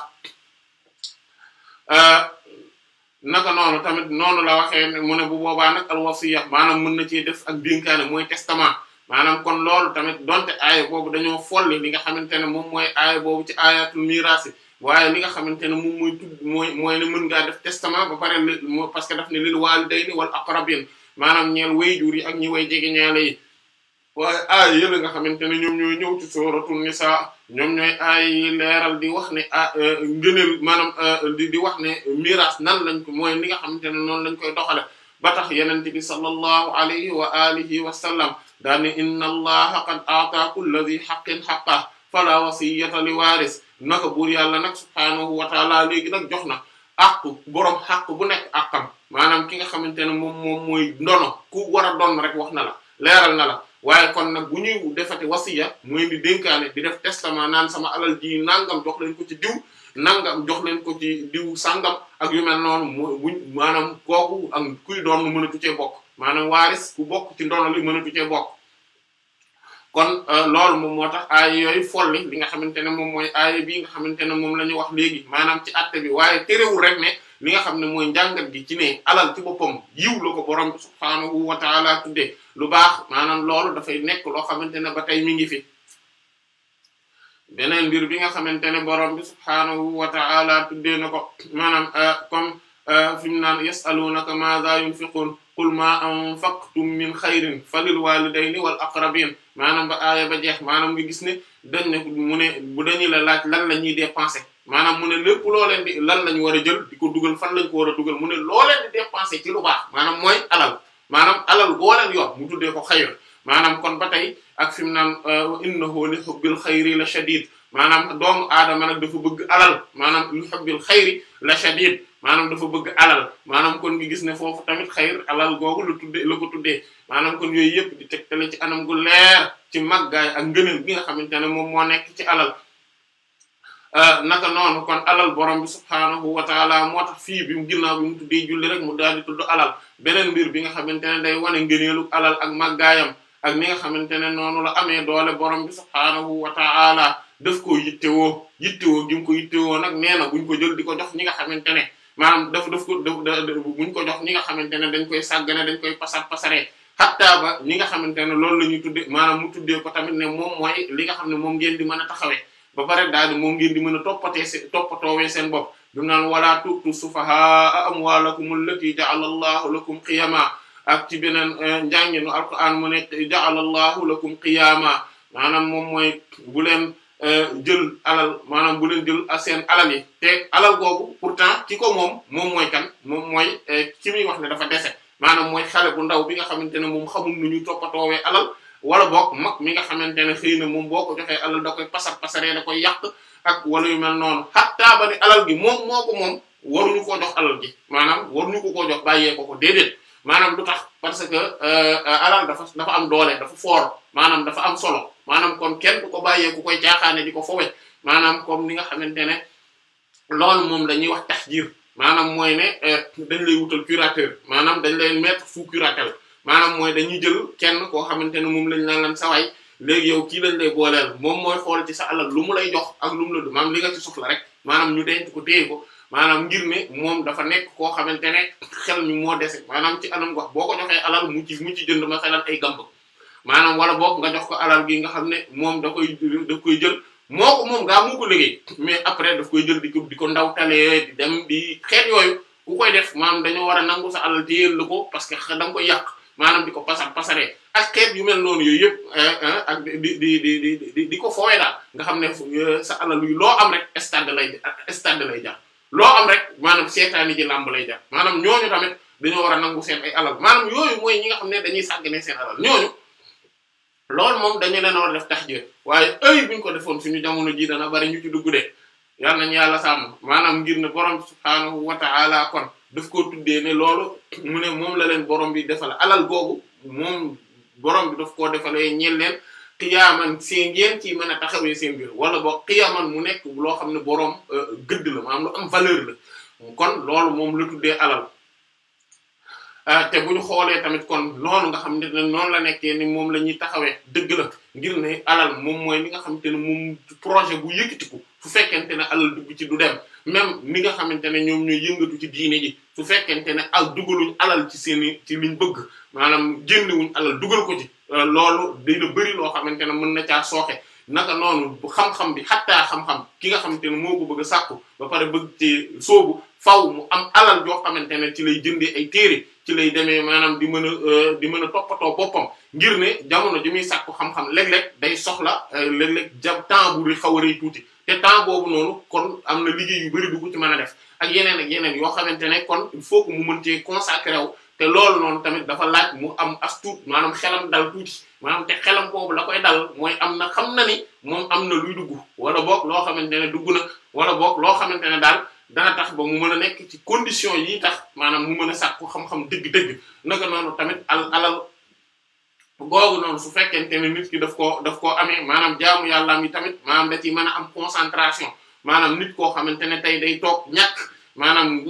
naka noonu tamit noonu la waxee mu bu boobaa nag al wasiya maanaam mën na cee def ak dénkaane mooy testament maanaam kon loolu tamit donte aaya boobu dañoo folli li nga xamante ne moom mooy aaya boobu ci aayatul waaye li nga xamante ne moom mooy muy mooy mooy ne mën ngaa def testament ba pare parce que daf ne lil waalidayni wal aqrabiin maanaam ñeel wayjur yi ak ñi way jege ñaale yi waaye nga xamante ne ñoom ñooy ñëw ci sóoratu nisaa ñoom ñooy aay yi leeral di wax ne ah ngëneel maanaam e di wax ne miraas nan lañ ko mooy li nga xamante ne noonu lañ koy doxale ba tax yenent bi sallallahu alayhi wa alihi wa sallam daane inna allaha qad aataa kulla dhi haqqin haqqah fala wasiyata li waaris naka buur yàlla nag subhaanahu wa taala léegi nag jox na àq boroom xaq bu nekk àqam maanaam ki nga xamante ne moom moom mooy ndono ku war a doon rek wax na la leeral na la waaye kon nag bu ñuy defati wasiya muy di dénkaane di def testament naan sama alal ji nangam jox leen ko ci diw nangam jox leen ko ci diw sàngam ak yu mel noonu buñ maanaam kooku ak kuy doon mën a tuccee bokk maanaam waaris ku bokk ci ndono li mën a tuccee bokk kon euh, loolu moom moo tax aay yooyu folli li nga xamante ne moom mooy aay bi nga xamante ne moom la ñu wax léegi maanaam ci atte bi waaye terewul rek ne li nga xam ne mooy njàngat gi ci ne alal ci boppam yiw la ko borom subhaanahu wa taala tudde lu baax maanaam loolu dafay nekk loo xamante ne ba tey mi ngi fi beneen mbir bi nga xamante ne borom bi subhaanahu wa taala tuddee na ko maanaam euh, comme euh, fi mu naan yu maza yunfiqun qul ma anfaqtum min xayrin falil walidayni wal aqrabin maanaam ba aaya ba jeex maanaam nga gis ni dañ ne mu ne bu dañu la laaj lan la ñuy dépenser maanaam mu ne lépp loo leen di lan lañu war a jël di ko dugal fan lañ ko war a dugal mu ne loo leen di dépenser ci lu baax maanaam mooy alal maanaam alal boo leen yor mu tuddee ko xayr maanaam kon ba tey ak fi mu naan euh, innahu li hubbil xayri la shadid maanaam doomu aadama nag dafa bëgg alal maanaam li hubbil la shadid maanaam dafa bëgg alal maanaam kon ngi gis ne foofu tamit xayr alal googu la tuddee la ko tuddee maanaam kon yooyu yëpp di tegtale ci anam gu leer ci màggaay ak ngëneel gi nga xamante ne moom moo nekk ci alal Euh, naka noonu kon alal borom bi subhaanahu wa moo tax fii bi mu ginnaaw bi mu tuddee julli rek mu daal di tudd alal beneen mbir bi nga xamante ne day wane ngëneelu alal ak màggaayam ak ni xamante ne noonu la amee doole borom bi subhaanahu wa taala daf ko yittewoo yittewoo gi mu ko yittewoo nag nee na buñ ko jël di ko jox ñi nga xamante ne maanaam daf daf ko buñ ko jox ñi nga xamante ne dañ koy sàggane dañ koy pasar pasaree xattaa ba ñi nga xamante ne loolu la ñuy tudde maanaam mu tuddee ko tamit ne moom mooy li nga xam ne moom ngeen di mën a taxawee ba pare daal moom ngeen di mën a toppatee seen toppatoowee seen bopp dum naan wala tu'tu sufahaa amwaalakum allati ja'ala allahu lakum qiyama ak ci beneen eh, njànginu alquran mu ne ja'ala allahu lakum qiyama maanaam moom mooy bu leen eh, jël alal maanaam bu leen jël seen alal yi te alal googu pourtant ki ko moom moom mooy kan moom mooy ci eh, wax ne dafa dese maanaam mooy xale bu ndaw bi nga xamante ne moom xamul nu ñu toppatoowee alal wala boog mag mi nga xamante ne xëy na moom boo ko joxee alal da koy pasar pasaree da koy yàq ak wala yu mel noonu xattaa ba ni alal gi moom moo ko moom waruñu koo jox alal gi maanaam waruñu ko koo jox bàyyee ko ko déedéet maanaam lu tax parce que euh, euh, alal dafa dafa am doole dafa foor maanaam dafa am solo maanaam kon kenn du ko bàyyee ku koy caaxaane di ko fowe maanaam comme ni nga xamante ne loolu moom la wax tax jiir maanaam mooy ne euh, dañ lay wutal curateur maanaam dañ leen mettre fu curateur maanaam mooy dañuy jël kenn koo xamante ne moom lañ naan lan sa waay léegi yow kii lañ lay booleel moom mooy xool ci sa alal lu mu lay jox ak lu mu la du maanaam li nga ci rek maanaam ñu denc ko téye ko maanaam ngir ne moom dafa nekk koo xamante ne xel mi moo dese maanaam ci anam wax boo ko joxee alal mu ci mu ci jënd ma xelal ay gamb maanaam wala boog nga jox ko alal gi nga xam ne moom da koy da koy jël moo ko moom nga moo ko liggéey mais après daf koy jël di ko di ndaw talee di dem di xeet yooyu ku koy def maanaam dañoo war a nangu sa alal téyeel la ko parce que da nga koy yàq maanaam di ko pasar pasaree ak xeet yu mel noonu yooyu yëpp ak di di di di ko foowe daal nga xam ne euh, sa alal yu loo am rek stade lay stade lay jar loo am rek maanaam seetaani ji làmb lay jar maanaam ñooñu tamit dañoo war a nangu seen ay alal maanaam yooyu mooy ñi nga xam ne dañuy sàggane seen alal ñooñu loolu moom dañu leen war a def tahjir waaye ay buñ ko defoon suñu jamono ji dana bari ñu ci dugg de yal nañu yàlla sàmm maanaam ngir ne borom subhaanahu wa ta'ala kon daf koo tuddee ne loolu mu ne moom la leen boroom bi defal alal googu moom boroom bi daf koo defalee ñeel leen xiyaaman seen ngeen ci mën a taxawee seen biir wala boog xiyaaman mu nekk loo xam ne borom euh, gëdd la maanaam am valeur la kon loolu moom la tuddee alal euh, te bu ñu xoolee tamit kon noonu nga xam ne noonu la nekkee ni moom la ñuy taxawee dëgg la ngir ne alal moom mooy li nga xam te ne moom projet bu yëkkatiku su fekkente ne alal dugg ci du dem même ni nga xamante ne ñoom ñooy yëngatu ci diine ji su fekkente ne al dugaluñ alal ci seeni ci liñ bëgg maanaam génnewuñ alal dugal ko ci euh, loolu dina bëri loo xamante ne mën na caa sooxe naka noonu xam-xam bi xattaa xam-xam ki nga xamante ne moo ko bëgg a sàkku ba pare bëgg ci sóobu faaw mu am alal joo xamante ne ci lay jëndee ay téere ci lay demee maanaam di mën a euh, di mën a toppatoo boppam ngir ne jamono ji muy sàkku xam-xam léeg-léeg day soxla euh, léeg-léeg jam temps bu xaw a tuuti te temps boobu noonu kon am na liggéey yu bëri du ci mën a def ak yeneen ak yeneen yoo xamante ne kon il faut que mu mën cee consacré wu te loolu noonu tamit dafa laaj mu am as tuut maanaam xelam dal tuuti maanaam te xelam boobu la koy dal mooy am na xam na ni moom am na luy dugg wala boog loo xamante ne dugg na wala boog loo xamante ne daal dana tax ba mu mën a nekk ci condition yi tax maanaam mu mën a sàkku xam-xam dëgg-dëgg naka noonu tamit al alal googu su fekkente ne nit ki koo daf koo amee maanaam jaamu yàlla mi tamit maanaam da ciy mën a am concentration maanaam nit koo xamante ne tey day toog ñàkk maanaam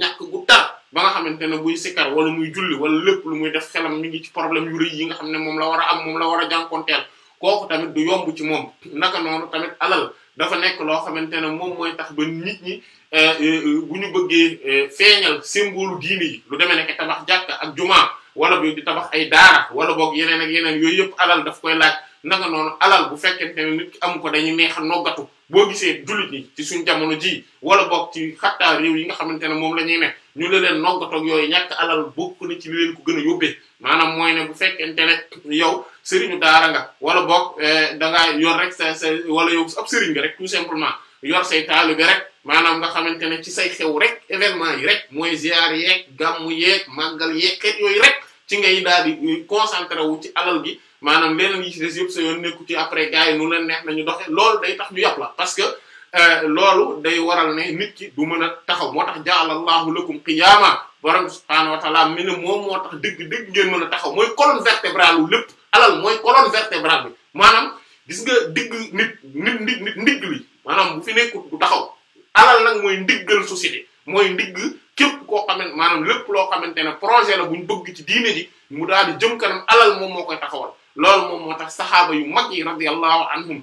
ba nga xamante ne buy sikkar wala muy julli wala lépp lu muy def xelam mi ci problème yu rëy yi nga xam ne moom la war a am moom la war a jànkonteel kooku tamit du ci moom naka noonu tamit alal dafa nekk loo xamante ne moom mooy tax ba nit ñi Euh, euh, euh, bu ñu bëggee feeñal symbole diini yi lu demee nekk tabax jàkka ak juma wala bu di tabax ay daara wala boog yeneen ak yeneen yooyu yëpp alal daf koy laaj naka noonu alal bu fekkee ne nit ki amu ko dañuy neex a noggatu boo gisee jullit ñi ci suñ jamono ji wala boog ci xattaa réew yi nga xamante ne moom la ñuy ne ñu la leen noggatoog yooyu ñàkk alal bokk ci li leen ko gën a yóbbee maanaam mooy ne bu fekkente ne yow sëriñu daara nga wala boog da ngaa yor rek sa wala yow ab sëriñ nga rek tout simplement yor say taalibe rek maanaam nga xamante ne ci say xew rek événement yi rek mooy ziyaar yeeg gàmmu yeeg màggal yeeg xeet yooyu rek ci ngay daal di euh, concentré wu ci alal gi maanaam leneen yi ci des yëpp sa yoon nekku ci après gars yi nu leen neex nañu doxe loolu day tax ñu yàpp la parce que euh, loolu day waral ne nit ci du mën a taxaw moo tax ja'alallahu lakum qiyaama borom subhaanahu wa ta'aala mi ne moom moo tax dëgg dëgg ngeen mën a taxaw mooy colonne vertébrale lépp alal mooy colonne vertébrale bi maanaam gis nga digg nit nit ndi nit ndigg li maanaam bu fi nekkut du taxaw alal nag mooy ndiggal société mooy ndigg képp koo xamante maanaam lépp loo xamante ne projet la buñ bëgg ci diine ji mu daal di jëm kanam alal moom moo koy taxawal lool moom moo tax saxaaba yu mag yi radiyallahu anhum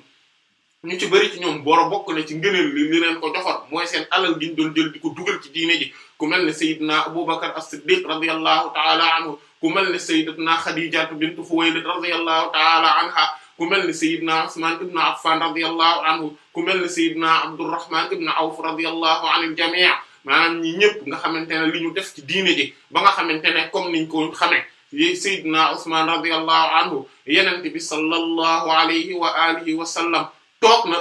ñu ci bari ci ñoom booro bokk na ci ngëneel li li leen ko joxoon mooy seen alal gi ñu jël di ko dugal ci diine ji ku mel ne Seydina Abubakar as-Siddiq radiyallahu ta'ala anhu ku mel ne Sayyidatuna Khadija bintu Khuwaylid radiyallahu ta'ala anha ku mel ni Seydina Usman ibn Affan radiyallahu anhu ku mel ni Seydina Abdurrahman ibn Awf radiyallahu anil jami' maanaam ñi ñëpp nga xamante ne li ñu def ci diine ji ba nga xamante ne comme niñ ko xamee yi Seydina Usman radiyallahu anhu yenent bi sallallahu alayhi wa alihi wa sallam toog na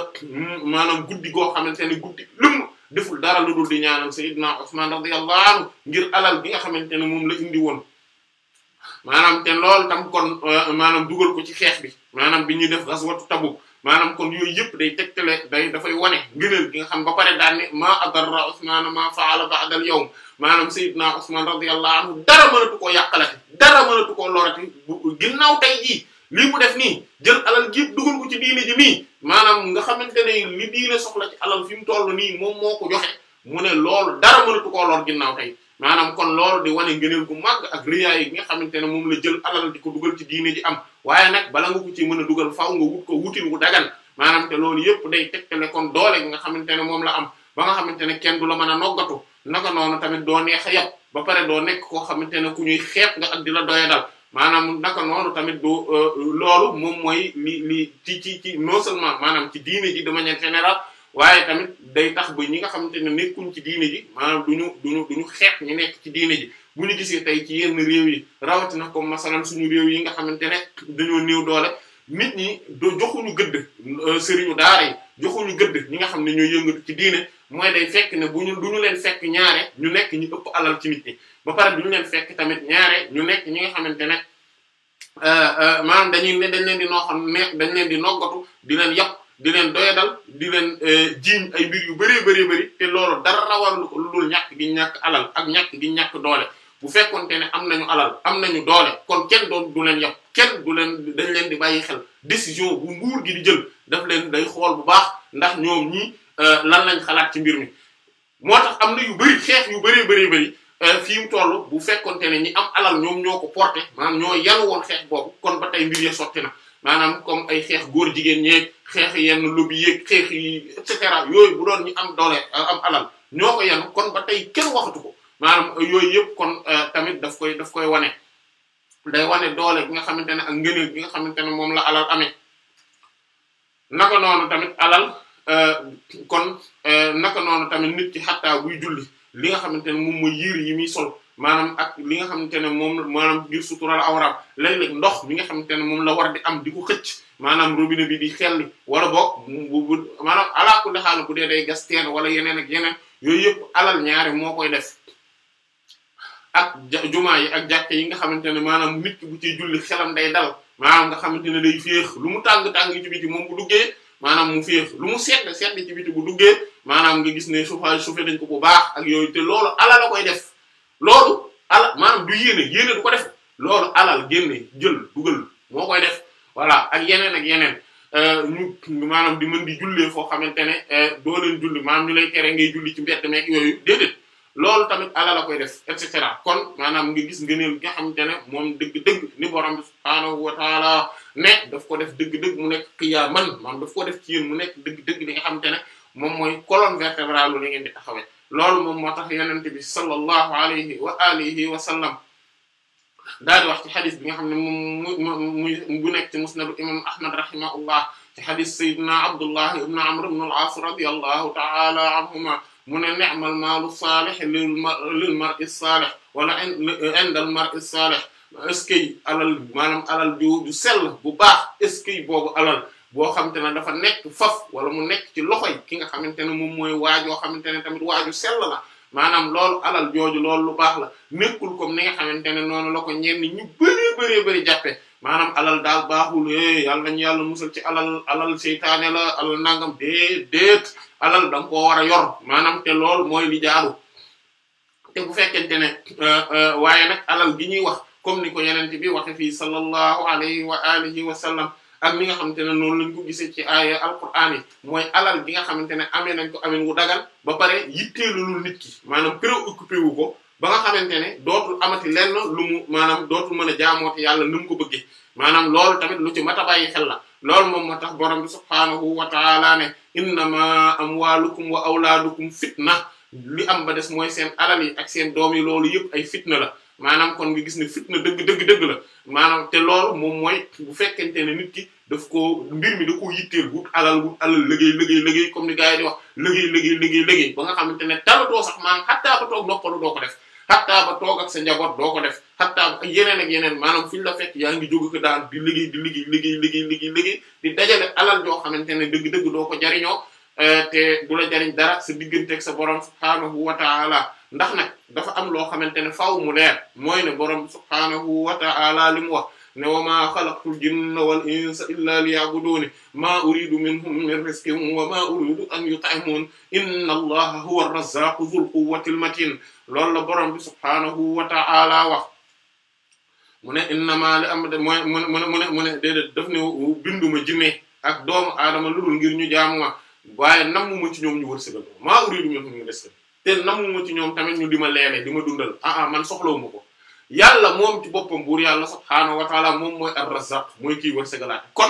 maanaam guddi goo xamante ne guddi lum deful dara lu dul di ñaanal Seydina Usman radiyallahu anhu ngir alal bi nga xamante ne moom la indi woon maanaam te lool tam kon euh, maanaam dugal ko ci xeex bi maanaam bi ñuy def ghazwatu tabu maanaam kon yooyu yëpp day tegtale day dafay wane ngëneel gi nga xam ba pare daan ne ma adarra Usmaan ma fa'ala ba'da al-yawm maanaam sayyidna Usmaan radiyallahu anhu dara mënatu koo yàqalati dara mënatu koo lorati ginnaaw tey jii lii mu def nii jël alal gi dugal ko ci diine ji nii maanaam nga xamante ne li diine soxla ci alal fi mu toll nii moom moo ko joxe mu ne lool dara mënatu koo lor ginnaaw tey maanaam kon loolu di wane ngëneel gu mag ak riyaay yi nga xamante ne moom la jël alal di ko dugal ci diine ji am waaye nag bala nga ko mën a dugal faw nga ko wutin wu dagan maanaam te loolu yëpp day tegtale kon doole gi nga xamante ne moom la am ba nga xamante ne kenn du la mën a noggatu naka noonu tamit doo neex a yab ba pare doo nekk koo xamante ne ku ñuy xeet nga ak di la doya dal maanaam naka noonu tamit du euh, loolu moom mooy li li ci ci ci non seulement maanaam ci diine ji de manière générale waaye tamit day tax ba ñi nga xamante ne nekkuñ ci diine ji maanaam du ñu du ñu du ñu xeet ñu nekk ci diine ji bu ñu gisee tey ci yenn réew yi rawatina comme masalan suñu réew yi nga xamante ne dañoo néew doole nit ñi do joxuñu gëdd euh, sëriñu daara yi gëdd ñi nga xam ne ñoo yëngatu ci diine mooy day fekk ne bu ñu du ñu leen fekk ñaare ñu nekk ñu ëpp alal ci nit ñi ba pare du ñu leen fekk tamit ñaare ñu nekk ñi nga xamante ne euh, euh, maanaam dañuy dañ leen di noo xam dañ leen di noggatu di leen yàq di leen doyadal di leen euh, jiiñ ay mbir yu bëree bëree bëri te loolu dara warlu ko lu dul ñàkk gi ñàkk alal ak ñàkk gi ñàkk doole bu fekkonte ne am nañu alal am nañu doole kon kenn doon du leen yàpp kenn du leen dañ leen di bàyyi xel décision bu nguur gi jël daf leen day xool bu baax ndax ñoom ñi euh, lan lañ xalaat ci mbir am na yu bëri xeex yu bëree bëri bëri euh, fi mu toll bu fekkonte ne ñi am alal ñoom ñoo ko porté maanaam ñoo yanu woon xeex boobu kon ba tey mbir ya sotti na maanaam comme ay xeex góor jigéen ñeeg xeex yenn lobby yeeg xeex yi et cetera yooyu bu doon ñu am doole euh, am alal ñoo ko kon ba tey kenn waxatu ko euh, yooyu yëpp kon euh, tamit daf koy daf koy wane day wane doole bi nga xamante ne ak ngëneel gi nga xamante ne moom la alal ame naka noonu tamit alal kon naka noonu tamit nit ci xattaa buy julli li nga xamante ne moom mooy yére yi muy maanaam ak li nga xamante ne moom maanaam ngir sutural awram léeg-léeg ndox mi nga xamante ne moom la war di am di ko xëcc maanaam robinet bi di xelli wala boog maanaam ala kulli xaal ku dee day gas teen wala yeneen ak yeneen yooyu yëpp alal ñaari moo koy def ak jumaa yi ak jàkk yi nga xamante ne maanaam nit ki bu ciy julli xelam day dal maanaam nga xamante ne day féex lu mu tàng-tàng ci biti moom bu duggee maanaam mu féex lu mu sedd sedd ci biti bu duggee maanaam nga gis ne chauffage chauffé dañ ko bu baax ak yooyu te loolu alal la koy def loolu alal maanaam du yéene yéene du ko def loolu alal jël dugal moo koy voilà ak yeneen ak yeneen euh, ñu maanaam di mën di jullee foo xamante ne euh, doo leen julli maanaam ñu lay tere ngay julli ci mbedd meeg yooyu déedéet loolu tamit ala koy def et cetera kon maanaam nga gis ngëneel nga xamante ne moom dëgg-dëgg ni borom bi subhaanahu wa ne daf ko def dëgg-dëgg mu nekk xiyaaman maanaam daf ko def ci yéen mu nekk dëgg-dëgg li nga xamante ne moom mooy colonne vertébrale lu ngeen di taxawee lool moom moo tax yonent bi sallallahu alayhi wa alihi daal di wax ci xadis bi nga xam ne moom muy bu nekk ci musnadu imam ahmad rahimahullah ci xadis sayyidina abdullah ibn amr ibn al-aas radiyallahu ta'ala anhuma mu ne ni'mal maalu saalih lil mar'i saalih wala inda al mar'i saalih est-ce que alal maanaam alal ju ju sell bu baax est-ce que boobu alal boo xamante ne dafa nekk faf wala mu nekk ci loxoy ki nga xamante ne moom mooy waajoo xamante ne tamit waaju sell la maanaam lool alal jooju lool lu baax la nekkul comme ni nga xamante ne noonu la ko ni ñu bëree bëree bëri jàppe maanaam alal daal baaxul eh yàlla nañu yàlla musal ci alal alal seytaane la alal nangam déet eh, déet alal da nga koo war a yor maanaam te lool mooy li jaaru te bu fekkente ne eh, eh, waaye nag alal gi ñuy wax comme ni ko yeneen yenente bi waxe fii sallallahu alayhi wa alihi wa sallam ak li nga xamante ne noonu lañ ko gisee ci aaya alquran yi mooy alal bi nga xamante ne amee nañ ko ameen wu dagal ba pare yitteelulul nit ki maanaam préoccupé wu ko ba nga xamante ne dootul amati lenn lu mu maanaam dootul mën a jaamooti yàlla ni ko bëggee maanaam loolu tamit lu ci mat a bàyyi xel la loolu moom moo tax borom bi subhaanahu wa taala ne am innama amwalukum wa awlaadukum fitna li am ba des mooy seen alal yi ak seen doom yi loolu yëpp ay fitna la maanaam kon nga gis ne fitna dëgg dëgg dëgg la maanaam te loolu moom mooy bu fekkente ne nit ki daf ko mbir mi da koo yitteel wut alal wut alal liggéey liggéey liggéey comme ni gars yi wax liggéey liggéey liggéey nga xamante ne talatoo sax maanaam xattaa ba toog noppalu doo ko def xattaa ba toog ak njaboot doo ko def xattaa yeneen ak yeneen maanaam fu ñu la fekk yaa ngi ko daal di liggéey di liggéey liggéey liggéey liggéey liggéey di dajale alal joo xamante ne dëgg-dëgg doo ko jariñoo eh, te du la jariñ dara sa digganteeg sa borom subhaanahu wa ta'ala ndax nag dafa am loo xamante ne faw mu leer mooy ne borom subhaanahu wa ta'ala li mu wax ne wa maa xalaqtul jinna wal insa illa liya'buduni maa uridu minhum min rizqin wa maa uridu an yut'imun inna allaha huwa ar-razzaqu dhul quwwatil matin borom bi subhaanahu wa ta'ala wax mu ne innama li am mooy mu ne mu ne mu ne déedéet daf ne binduma jinne ak doom aadama lu dul ngir ñu jaamu ma waaye nammuma ci ñoom ñu wërsëgal maa uridu min rizqin te namuma ci ñoom tamit ñu dima ma leene di ma dundal ah ah man soxlawuma ko yàlla moom ci boppam buur yàlla subhaanahu wa taala moom mooy ar-razzaq mooy kii wërsëgalaat kon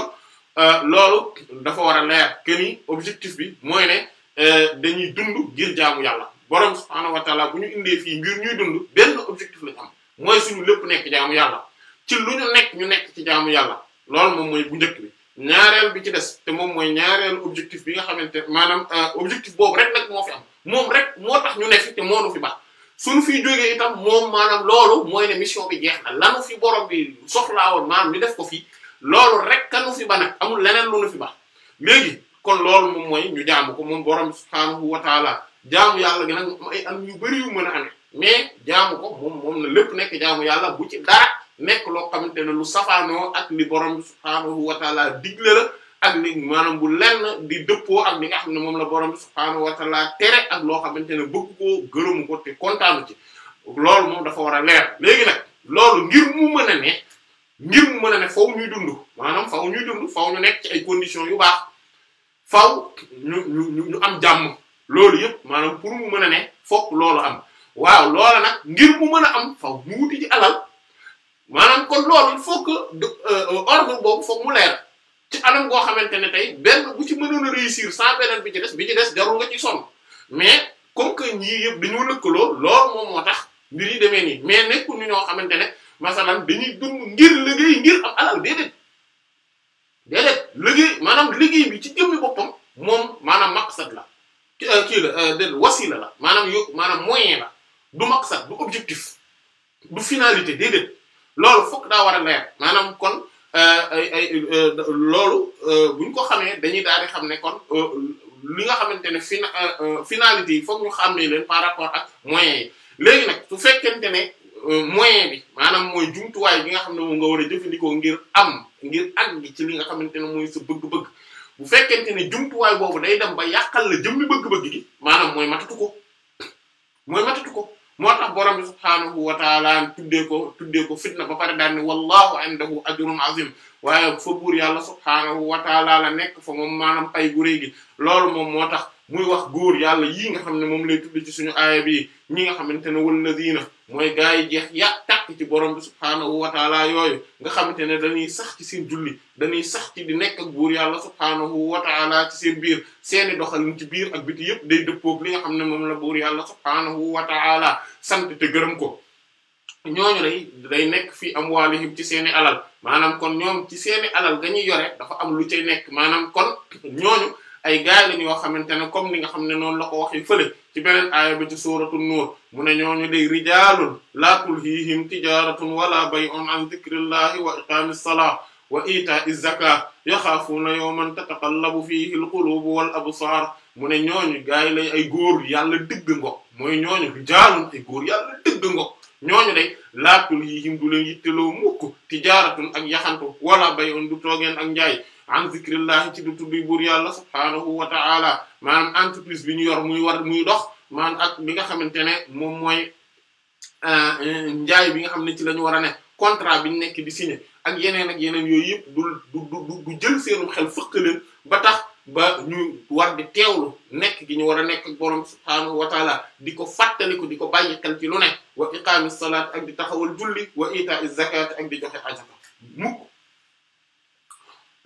euh, loolu dafa war a leer que ni objectif bi mooy ne euh, dañuy dund ngir jaamu yàlla borom subhaanahu wa bu ñu indee fii ngir ñuy dund benn objectif lañ am mooy suñu lépp nekk jaamu yàlla ci lu ñu nekk ñu nekk ci jaamu yàlla loolu moom mooy bu njëkk bi ñaareel bi ci des te moom mooy ñaareelu objectif bi nga xamante maanaam euh, objectif boobu rek nag moo fi am moom rek moo tax ñu ne fi te moo nu fi baax suñu fiy jógee itam moom maanaam loolu mooy ne mission bi jeex na lanu fi borom bi soxlaawoon maanaam ñu def ko fii loolu rek kanu fi ba nag leneen lu nu fi baax léegi kon loolu moom mooy ñu jaamu ko moom borom subhaanahu wa taala jaamu yàlla gi nag ay am yu bari yu mën a amee mais jaamu ko moom moom na lépp nekk jaamu yàlla bu ci dara nekk loo xamante ne lu safaanoo ak li borom subhaanahu wa taala digle la ak ni maanaam bu lenn di dëppoo am ni nga xam ne moom la borom bi subhaanahu tere ak loo xamante ne bëgg koo gërëmu ko te kontaanu ci loolu moom dafa war a leer léegi nag loolu ngir mu mën a ne ngir mu mën a ne faaw ñuy dund maanaam faaw ñuy dund faaw ñu nekk ci ay condition yu baax faw ñu ñu ñu am jàmm loolu yëpp maanaam pour mu mën a ne fokk loolu am waaw loola nag ngir mu mën a am faaw mu wuti ci alal maanaam kon loolu il faut euh, euh, boobu fokk mu leer. ci anam goo xamante ne tey benn bu ci mënoon a réussir sans beneen bi ci des bi ci des jarul nga ci sonn mais comme que ñii yëpp dañoo lëkkaloo loolu moom moo tax mbir yi demee nii mais nekkul ñu ñoo xamante ne masalan dañuy dund ngir liggéey ngir am alal déedéet déedéet liggéey maanaam liggéey bi ci jëmmi boppam moom maanaam maqsad la euh, kii la euh, déedéet wasila la maanaam yo maanaam moyen la du maqsad du objectif du finalité déedéet loolu fook daa war a leer maanaam kon Euh, ay ay euh, loolu euh, buñ ko xamee dañuy daal di xam ne kon li nga xamante ne fina finalité yi foog ñu xam ne leen par rapport ak moyens yi léegi nag su fekkente ne moyen bi maanaam mooy jumtuwaay bi nga xam ne moom nga war a jëfandikoo ngir am ngir àgg ci li nga xamante ne mooy sa bëgg-bëgg bu fekkente ne jumtuwaay boobu day dem ba yàqal la jëmmi bëgg-bëgg gi maanam mooy matatu ko mooy matatu ko moo tax borom bi subhaanahu wa taala tuddee ko tuddee ko fitna ba pare daan ne wallahu indahu ajrun azim waaye fa buur yàlla subhaanahu wa taala la nekk fa moom maanaam pay gu réy loolu moom moo tax muy wax góor yàlla yii nga xam ne moom lay tudd ci suñu aaya bi ñi nga xamante ne wal ladina mooy gaa yi jeex ya àq ci borom bi subhaanahu wa taala yooyu nga xamante ne dañuy sax ci seen julli dañuy sax ci di nekk ak buur yàlla subhaanahu wa taala ci seen biir seeni doxalin ci biir ak biti yëpp day dëppoog li nga xam ne moom la buur yàlla subhaanahu wa taala sant te gërëm ko ñooñu day day nekk fii amwaalihim ci seeni alal maanaam kon ñoom ci seen alal ga ñuy yore dafa am lu ci nekk maanaam kon ñooñu ay gaay lañ yoo xamante ne comme ni nga xam ne noonu la ko waxee fële ci beneen aaya bi ci suuratul nuur mu ne ñooñu day rijaalun laa tulhiihim tijaratun wala bay'un an dhikrillahi wa iqaamis salaa wa itaa'iz zakaa yaxaafuuna yawman tataqallabu fiihi al-quluubu wal absaar mu ne ñooñu gaay lay ay góor yàlla dëgg ngo mooy ñooñu rijaalun ay góor yàlla dëgg ngo ñooñu day laa tulhiihim du leen yitteloo mukk tijaratun ak yaxantu wala bay'un du toogeen ak njaay an zikrillah ci du tuddu buur yàlla subhaanahu wa ta'ala maanaam entreprise bi ñu yor muy war muy dox maanaam ak bi nga xamante ne moom mooy euh, njaay bi nga xam ne ci lañu ñu war a ne contrat bi ñu nekk di signé ak yeneen ak yeneen yooyu yëpp du du du du jël seenum xel fëkk leen ba tax ba ñu war di teewlu nekk gi ñu war a nekk ak borom subhaanahu wa di ko fàttaliku di ko bàyyi xel ci lu ne wa iqaamis salaat ak di taxawal julli wa itaa'iz zakaat ak di joxe azaka mukk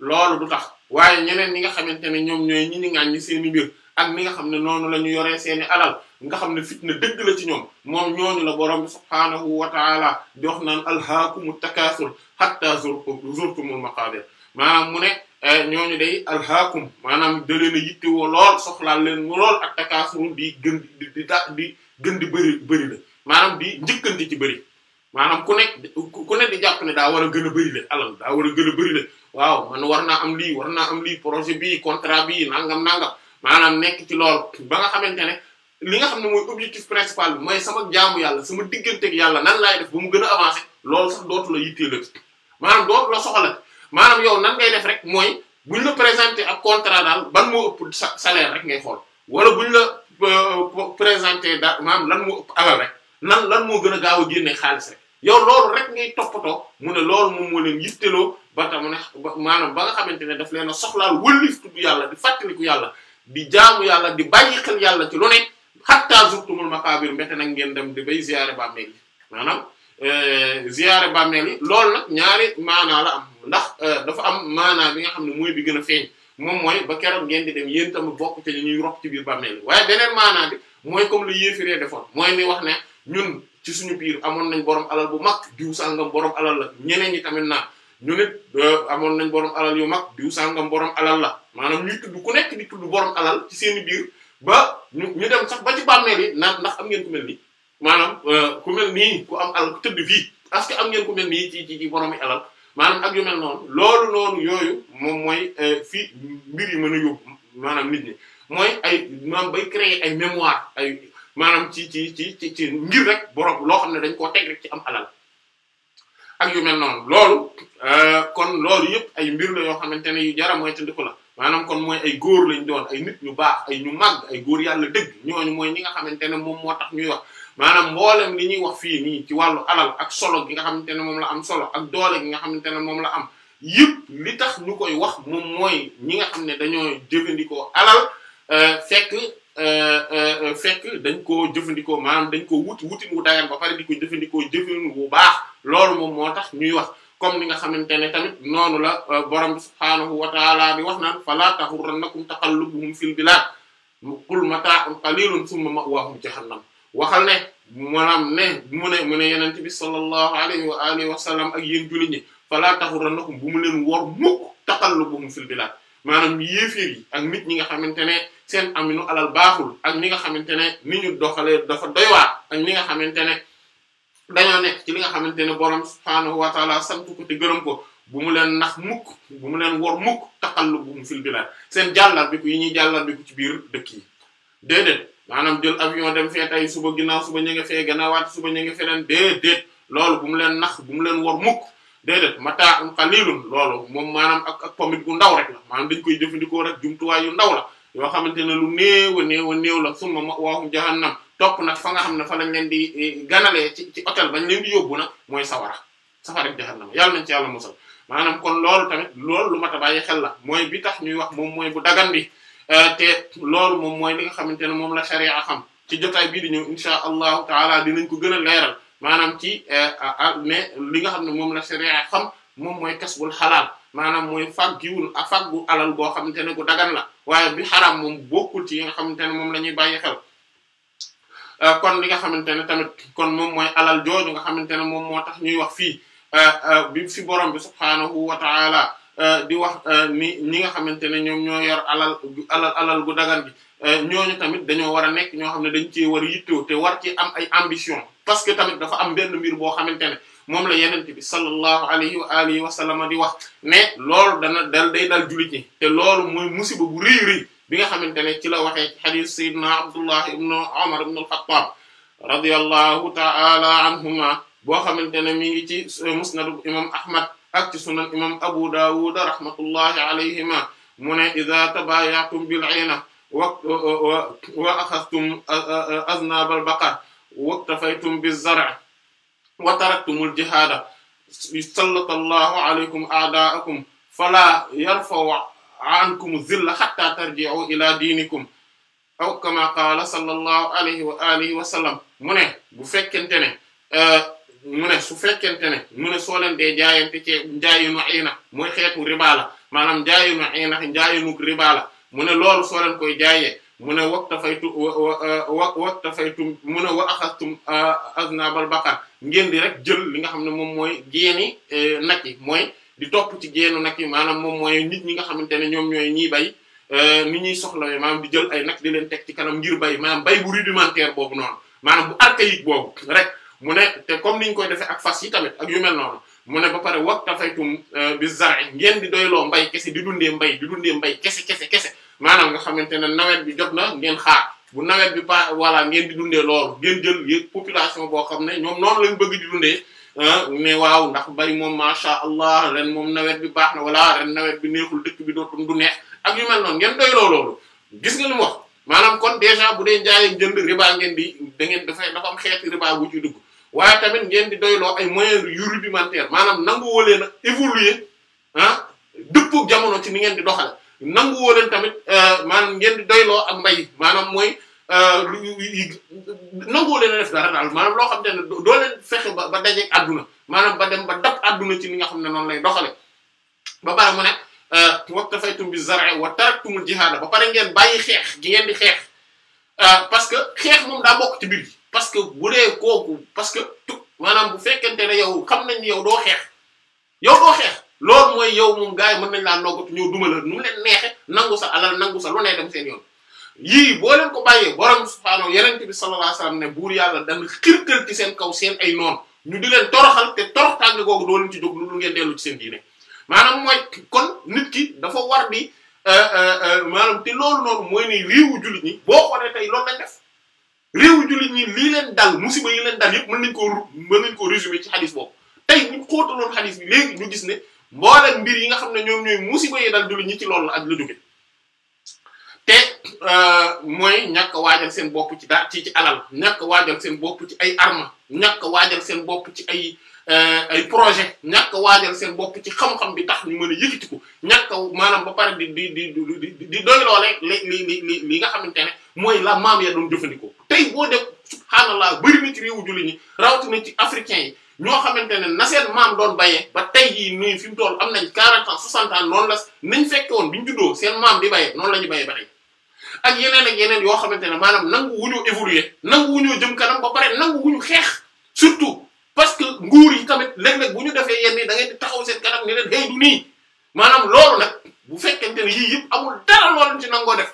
loolu du tax waaye ñeneen ñi nga xamante ne ñoom ñooy ñi ni ñi seen i mbir ak ni nga xam ne noonu la ñu yoree seen i alal nga xam ne fitna dëgg la ci ñoom moom ñooñu la borom bi subhaanahu wa taala jox naan alhaakumu takaasur hatta zurtumul maqaabir maanaam mu ne eh, ñooñu day alhaakum maanaam da leen a yittewoo lool soxlaal leen mu lool ak takaasur di gën di di di gën di bëri bëri la maanaam di njëkkanti ci bëri maanaam ku nekk ku ne di jàpp ne daa war a gën a bëri la alal daa a gën a bëri la waaw man war naa am lii war naa am lii projet bii contrat bii nangam nangam maanaam nekk ci lool ba nga xamante ne li nga xam ne mooy objectif principal bi mooy sama jaamu yàlla sama digganteeg yàlla nan laay def ba mu gën a avancer loolu sax dootu la yitteelati maanaam dootu la soxla maanaam yow nan ngay def rek mooy buñ la présenté ak contrat daal ban moo ëpp salaire rek ngay xool wala buñ la euh, présenter daal maam lan moo ëpp alal rek nan lan moo gën a gaaw a génne xaalis yow loolu rek ngay toppatoo mu ne lool moom moo leen yitteloo ba tax mu ne maanaam ba nga xamante ne daf leen a soxlaal wëlif yàlla di fàttaliku yàlla di jaamu yàlla di bàyyi yàlla ci lu ne xattaa zurtumul maqaabir mbete nag ngeen dem di bay ziyaare bàmmeel yi maanaam euh, ziyaare bàmmeel yi loolu nag ñaari maanaa am ndax euh, dafa am maanaa bi nga xam ne mooy bi gën a feeñ moom mooy ba keroog ngeen di dem yéen tamit bokk ci ñuy rop ci biir bàmmeel yi waaye beneen maanaa bi mooy comme lu yéefiree defoon mooy ni wax ne ñun ci suñu biir amoon nañ borom alal bu mag diw sangam borom alal la ñeneen ñi tamit naa ñu nit amoon nañ borom alal yu mag diw sangam borom alal la maanaam ñuy tudd ku nekk di tudd borom alal ci seen biir ba ñu ñu dem sax ba ci yi naan ndax am ngeen ku mel nii maanaam euh, ku mel nii ku am alal ku tëdd fii est que am ngeen ku mel ni ci ci ci borom alal maanaam ak yu mel noonu loolu noonu yooyu moom mooy euh, fii mbir yi mën a yóbbu maanaam nit ñi mooy ay maanaam bay créer ay. maanaam ci ci ci ci ci ngir rek borom loo xam ne dañ koo teg ci am alal ak yu mel noonu loolu euh, kon loolu yëpp ay mbir la yoo xamante ne yu jara mooy tëndiku la maanaam kon mooy ay góor lañ doon ay nit ñu baax ay ñu màgg ay góor yàlla dëgg ñooñu mooy ñi nga xamante ne moom moo tax ñuy wax maanaam mboolem li ñuy wax fii nii ci wàllu alal ak solo gi nga xamante ne moom la am solo ak doole gi nga xamante ne moom la am li tax ñu koy wax moom mooy ñi nga xam ne dañoo jëfandikoo alal euh, fekk Euh, euh, fekk dañ koo jëfandikoo maanaam dañ koo wuti wuti mu dagan ba pare di ko jëfandikoo jëfin bu baax loolu moom moo tax ñuy wax comme ni nga xamante ne tamit noonu la euh, borom subhaanahu wa taala di wax naan fala taxurrannakum taqallubuhum fil bilad qul mata'un qalilun thumma ma'wahum jahannam waxal ne maanaam ne mu ne mu ne yenent bi sallallahu alayhi wa alihi wa sallam ak yéen jullit ñi fala taxurrannakum bu mu leen wor mukk taqallubuhum fil bilad maanaam yéeféer yi ak nit ñi nga xamante ne seen aminu alal baaxul ak ni nga xamante ne ni ñu doxalee dafa doy waar ak ni nga xamante ne dañoo ne ci li nga xamante ne borom subhaanahu wa taala sant ko te gërëm ko bu mu leen nax mukk bu mu leen wor mukk taqallubum fil bilad seen jàllal bi ko yi ñuy jàllal bi ko ci biir dëkk yi déedéet maanaam jël avion dem fee tey suba ginnaaw suba ñu nga fee gannaawaat suba ñu nga feneen déedéet loolu bu mu leen nax bu mu leen wor mukk déedéet mataa un qalilun loolu moom maanaam ak ak pomit gu ndaw rek la maanaam dañ koy jëfandikoo rek jumtuwaay yu ndaw la yoo xamante ne lu néew a néew a néew la summa ma'waahum jahannam topp nag fa nga xam ne fa lañ leen di eh, ganalee ci ci hôtel bañ leen di nag mooy sawara safara jahannam yàlla nañ ci yàlla maanaam kon loolu tamit loolu lu mat a bàyyi xel la mooy bi tax ñuy wax moom mooy bu dagan bi eh, te loolu moom mooy li nga xamante ne moom la sharia xam ci jotaay bii di ñëw insha allahu taala dinañ ko gën a leeral maanaam ci eh, mais li nga xam ne moom la sharia xam moom mooy kasbul xalaal maanaam mooy faggiwul a faggu alal boo xamante ne gu dagan la waaye bi xaraam moom bokkul ci yi nga xamante ne moom la ñuy bàyyi xel eh, li nga xamante ne tamit kon moom mooy alal jooju nga xamante ne moom moo tax ñuy wax fii eh, bi fi borom bi subhaanahu wa ta'ala di wax ni ñi nga xamante ne ñoom ñoo yor alal alal alal gu dagan bi ñooñu tamit dañoo war a nekk ñoo xam ne dañ cee war a yittoo te war ci am ay ambition parce que tamit dafa am benn mbir boo xamante ne moom la yeneen bi sallallahu alayhi wa alihi wa sallam di wax ne loolu dana dal day dal jullit ñi te loolu mooy musiba bu rëy rëy bi nga xamante ne ci la waxee ci hadith sayyidina Abdullah ibn Umar ibn al-Khattab radiyallahu ta'ala anhuma boo xamante ne mi ngi ci musnadu imam Ahmad ak ci sunan imam Abu Dawud rahmatullahi alayhima mu ne idha tabayatum bil ayna wa wa akhadhtum aznab al-baqar waktafaytum bizar' wa taraktumul jihaada sallallahu alaykum a'da'akum fala yarfa'u ankum zilla hatta tarji'u ila dinikum aw kama qaala sallallahu alayhi wa alihi wa sallam mu ne bu fekkente ne euh, mu ne su fekkente ne mu ne soo leen dee jaayante ci njaayinu iina mooy xeetu riba la maanaam njaayinu iina njaayinu riba la mu ne loolu soo leen koy jaayee mu ne waktafaytu wa waktafaytum mu ne wa axastum aznabal baqar ngeen di rek jël li nga xam ne moom mooy geeni e, nag yi mooy di topp ci geenu nag yi maanaam moom mooy nit ñi nga xamante ne ñoom ñooy ñiy bay e, ni ñuy soxlawee maanaam di jël ay nag di leen tek ci kanam ngir bay maanaam bay bu rudimentaire boobu noonu maanaam bu archaïque boobu rek mu ne te comme ni ñu koy defee ak fas yi tamit ak yu mel noonu mu ne ba pare waktafaytum euh, bi zar'i ngeen di doyloo mbay kese di dundee mbay di dundee mbay kese kese kese maanaam nga xamante ne nawet bi jot na ngeen xaar bu nawet bi pa voilà ngeen di dundee loolu ngeen jël yéeg population boo xam ne ñoom noonu lañ bëgg di dundee mais ah, waaw ndax mbay moom masha Allah ren moom nawet bi baax na wala ren nawet bi neexul dëkk bi dootum du neex ak yu noon noonu ngeen doyloo loolu gis nga li mu maanaam kon déjà bu dee njaayee jënd riba ngeen di da ngeen dafay dafa am xeeti riba gu dugg waaye tamit ngeen di doyloo ay moyens yu rudimentaires maanaam nangu woo leen a évoluer ah, jamono ci ni ngeen di doxale nangu woo leen tamit euh, ngeen di doyloo ak mbay maanaam mooy euh, nangu woo leen a def dara daal maanaam loo xam te ne doo leen fexe ba ba dajeeg adduna maanaam ba dem ba dab àdduna ci ni nga xam ne noonu lay doxale ba pare mu ne euh, waktafaytum bi zar'i wa taraktumul jihaada ba pare ngeen bàyyi xeex gi ngeen di xeex parce que xeex moom daa bokk ci biir parce que bu dee kooku parce que tu maanaam bu fekkente ne yow xam nañ ni yow doo xeex yow doo xeex loolu mooy yow moom gars yi mën nañ laa noggatu ñëw duma la nu mu leen neexe nangu sa alal nangu sa lu ne dem seen yoon yii boo leen ko bàyyee borom subhaanahu yenente bi sallallahu alayhi wasallam ne buur yàlla dana xirkal ci seen kaw seen ay noon ñu di leen toroxal te torox tànge googu doo leen ci jóg lu ngeen dellu ci seen diine maanaam mooy kon nit ki dafa war di euh, euh, euh, maanaam te loolu noonu mooy ne réewu jullit ñi boo xoolee tey loolu lañ def réewu jullit ñi lii leen dal musiba yi leen dal yëpp mën nañ koo mën nañ koo résumer ci xadis boobu tey ñu xóotaloon xadis bi léegi ñu gis ne boo mbooleem mbir yi nga xam ne ñoom ñooy musiba yi dal jullit ñi ci loolu la ak la jóge te euh, mooy ñàkk waajal seen bopp ci daa ci ci alal ñàkk waajal seen bopp ci ay arma ñàkk waajal seen bopp ci ay euh, ay projet ñàkk waajal seen bopp ci xam-xam bi tax ñu mën a yëkkati ko ñàkk maanaam ba pare di di di di doy loole li li li li nga xamante ne mooy la maam ya doon jëfandikoo tey boo def subhaanallah bëri na ci réew julli ñi rawatina ci africain yi ñoo xamante ne na seen maam doon bayee ba tey jii nii fi mu toll am nañ 40 ans 60 ans noonu la nañ fekke woon bi ñu juddoo seen maam di bayee noonu la ñu bayee ba tey ak yeneen ak yeneen yoo xamante ne maanaam nangu wuñu évoluer nangu ñu jëm kanam ba pare nangu wuñu xeex surtout parce que nguur yi tamit léeg-léeg bu ñu defee yenn da ngeen taxaw seen kanam ne leen nii maanaam loolu nag bu fekkente ne yii yëpp amul dara loolu ci nangoo def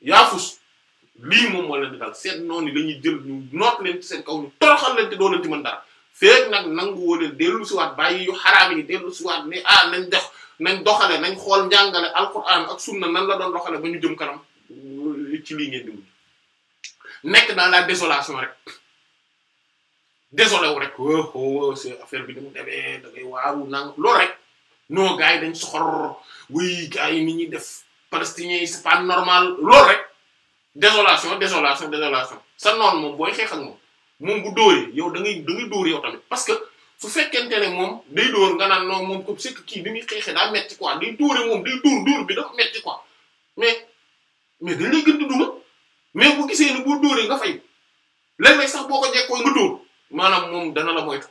yaafus lii moom walla leen dal seen noonu la ñuy jël ñu noot leen ci seen kaw ñu toroxal leen te doo leen ci mën dara feeg nag yu xaraam yi dellu siwaat ne ah nañ def nañ doxale nañ xool njàngale alquran ak sunna nan la doon doxale ba ñu jëm kanam ci lii ngeen di mujj nekk dans la désolation rek désolé wu rek oh oh c'est affaire bi ni mu demee da ngay waaru nang yi dañ soxor wuy gars yi ni ñuy def palestiniens yi c'est pas normal lool rek. désolation désolation désolation sa noon moom booy xeex moom bu dóoree yow da ngay da ngay dóor yow tamit parce que su fekkente ne moom day dóor nga naan noon moom comme c'est kii bi muy xeexee daa metti quoi day dóore moom day dóor dóor bi dafa metti quoi mais mais dañ lay gën di mais bu gisee ni boo dóoree nga fay léeg-léeg sax boo ko jekkoo nga dóor maanaam moom dana la moytu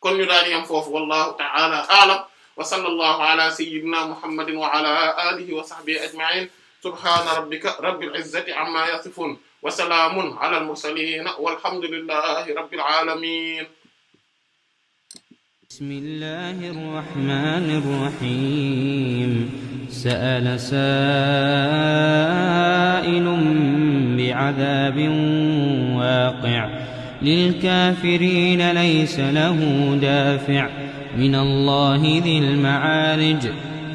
kon ñu daal di yam foofu wallahu ta'ala a'lam wa sallallahu ala sayyidina muhammadin wa ala alihi wa sahbihi ajma'in subhaana rabbika rabbil izzati amma yasifun wa salaamun alal mursaliin walhamdulillahi rabbil aalamiin bismillahir rahmaanir rahiim sa'ala saa'ilun bi'adaabin waaqi' للكافرين ليس له دافع من الله ذي المعارج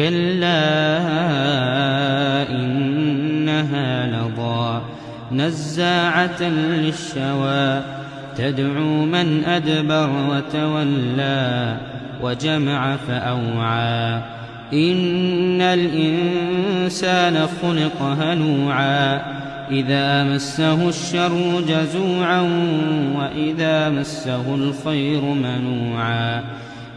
كلا إنها لظى نزاعة للشوى تدعو من أدبر وتولى وجمع فأوعى إن الإنسان خلق هلوعا إذا مسه الشر جزوعا وإذا مسه الخير منوعا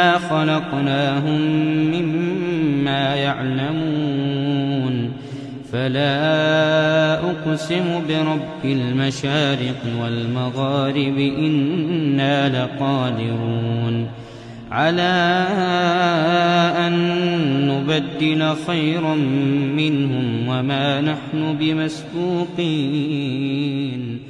إِنَّا خَلَقْنَاهُمْ مِمَّا يَعْلَمُونَ فَلَا أُقْسِمُ بِرَبِّ الْمَشَارِقِ وَالْمَغَارِبِ إِنَّا لَقَادِرُونَ على أن نبدل خيرا منهم وما نحن بمسبوقين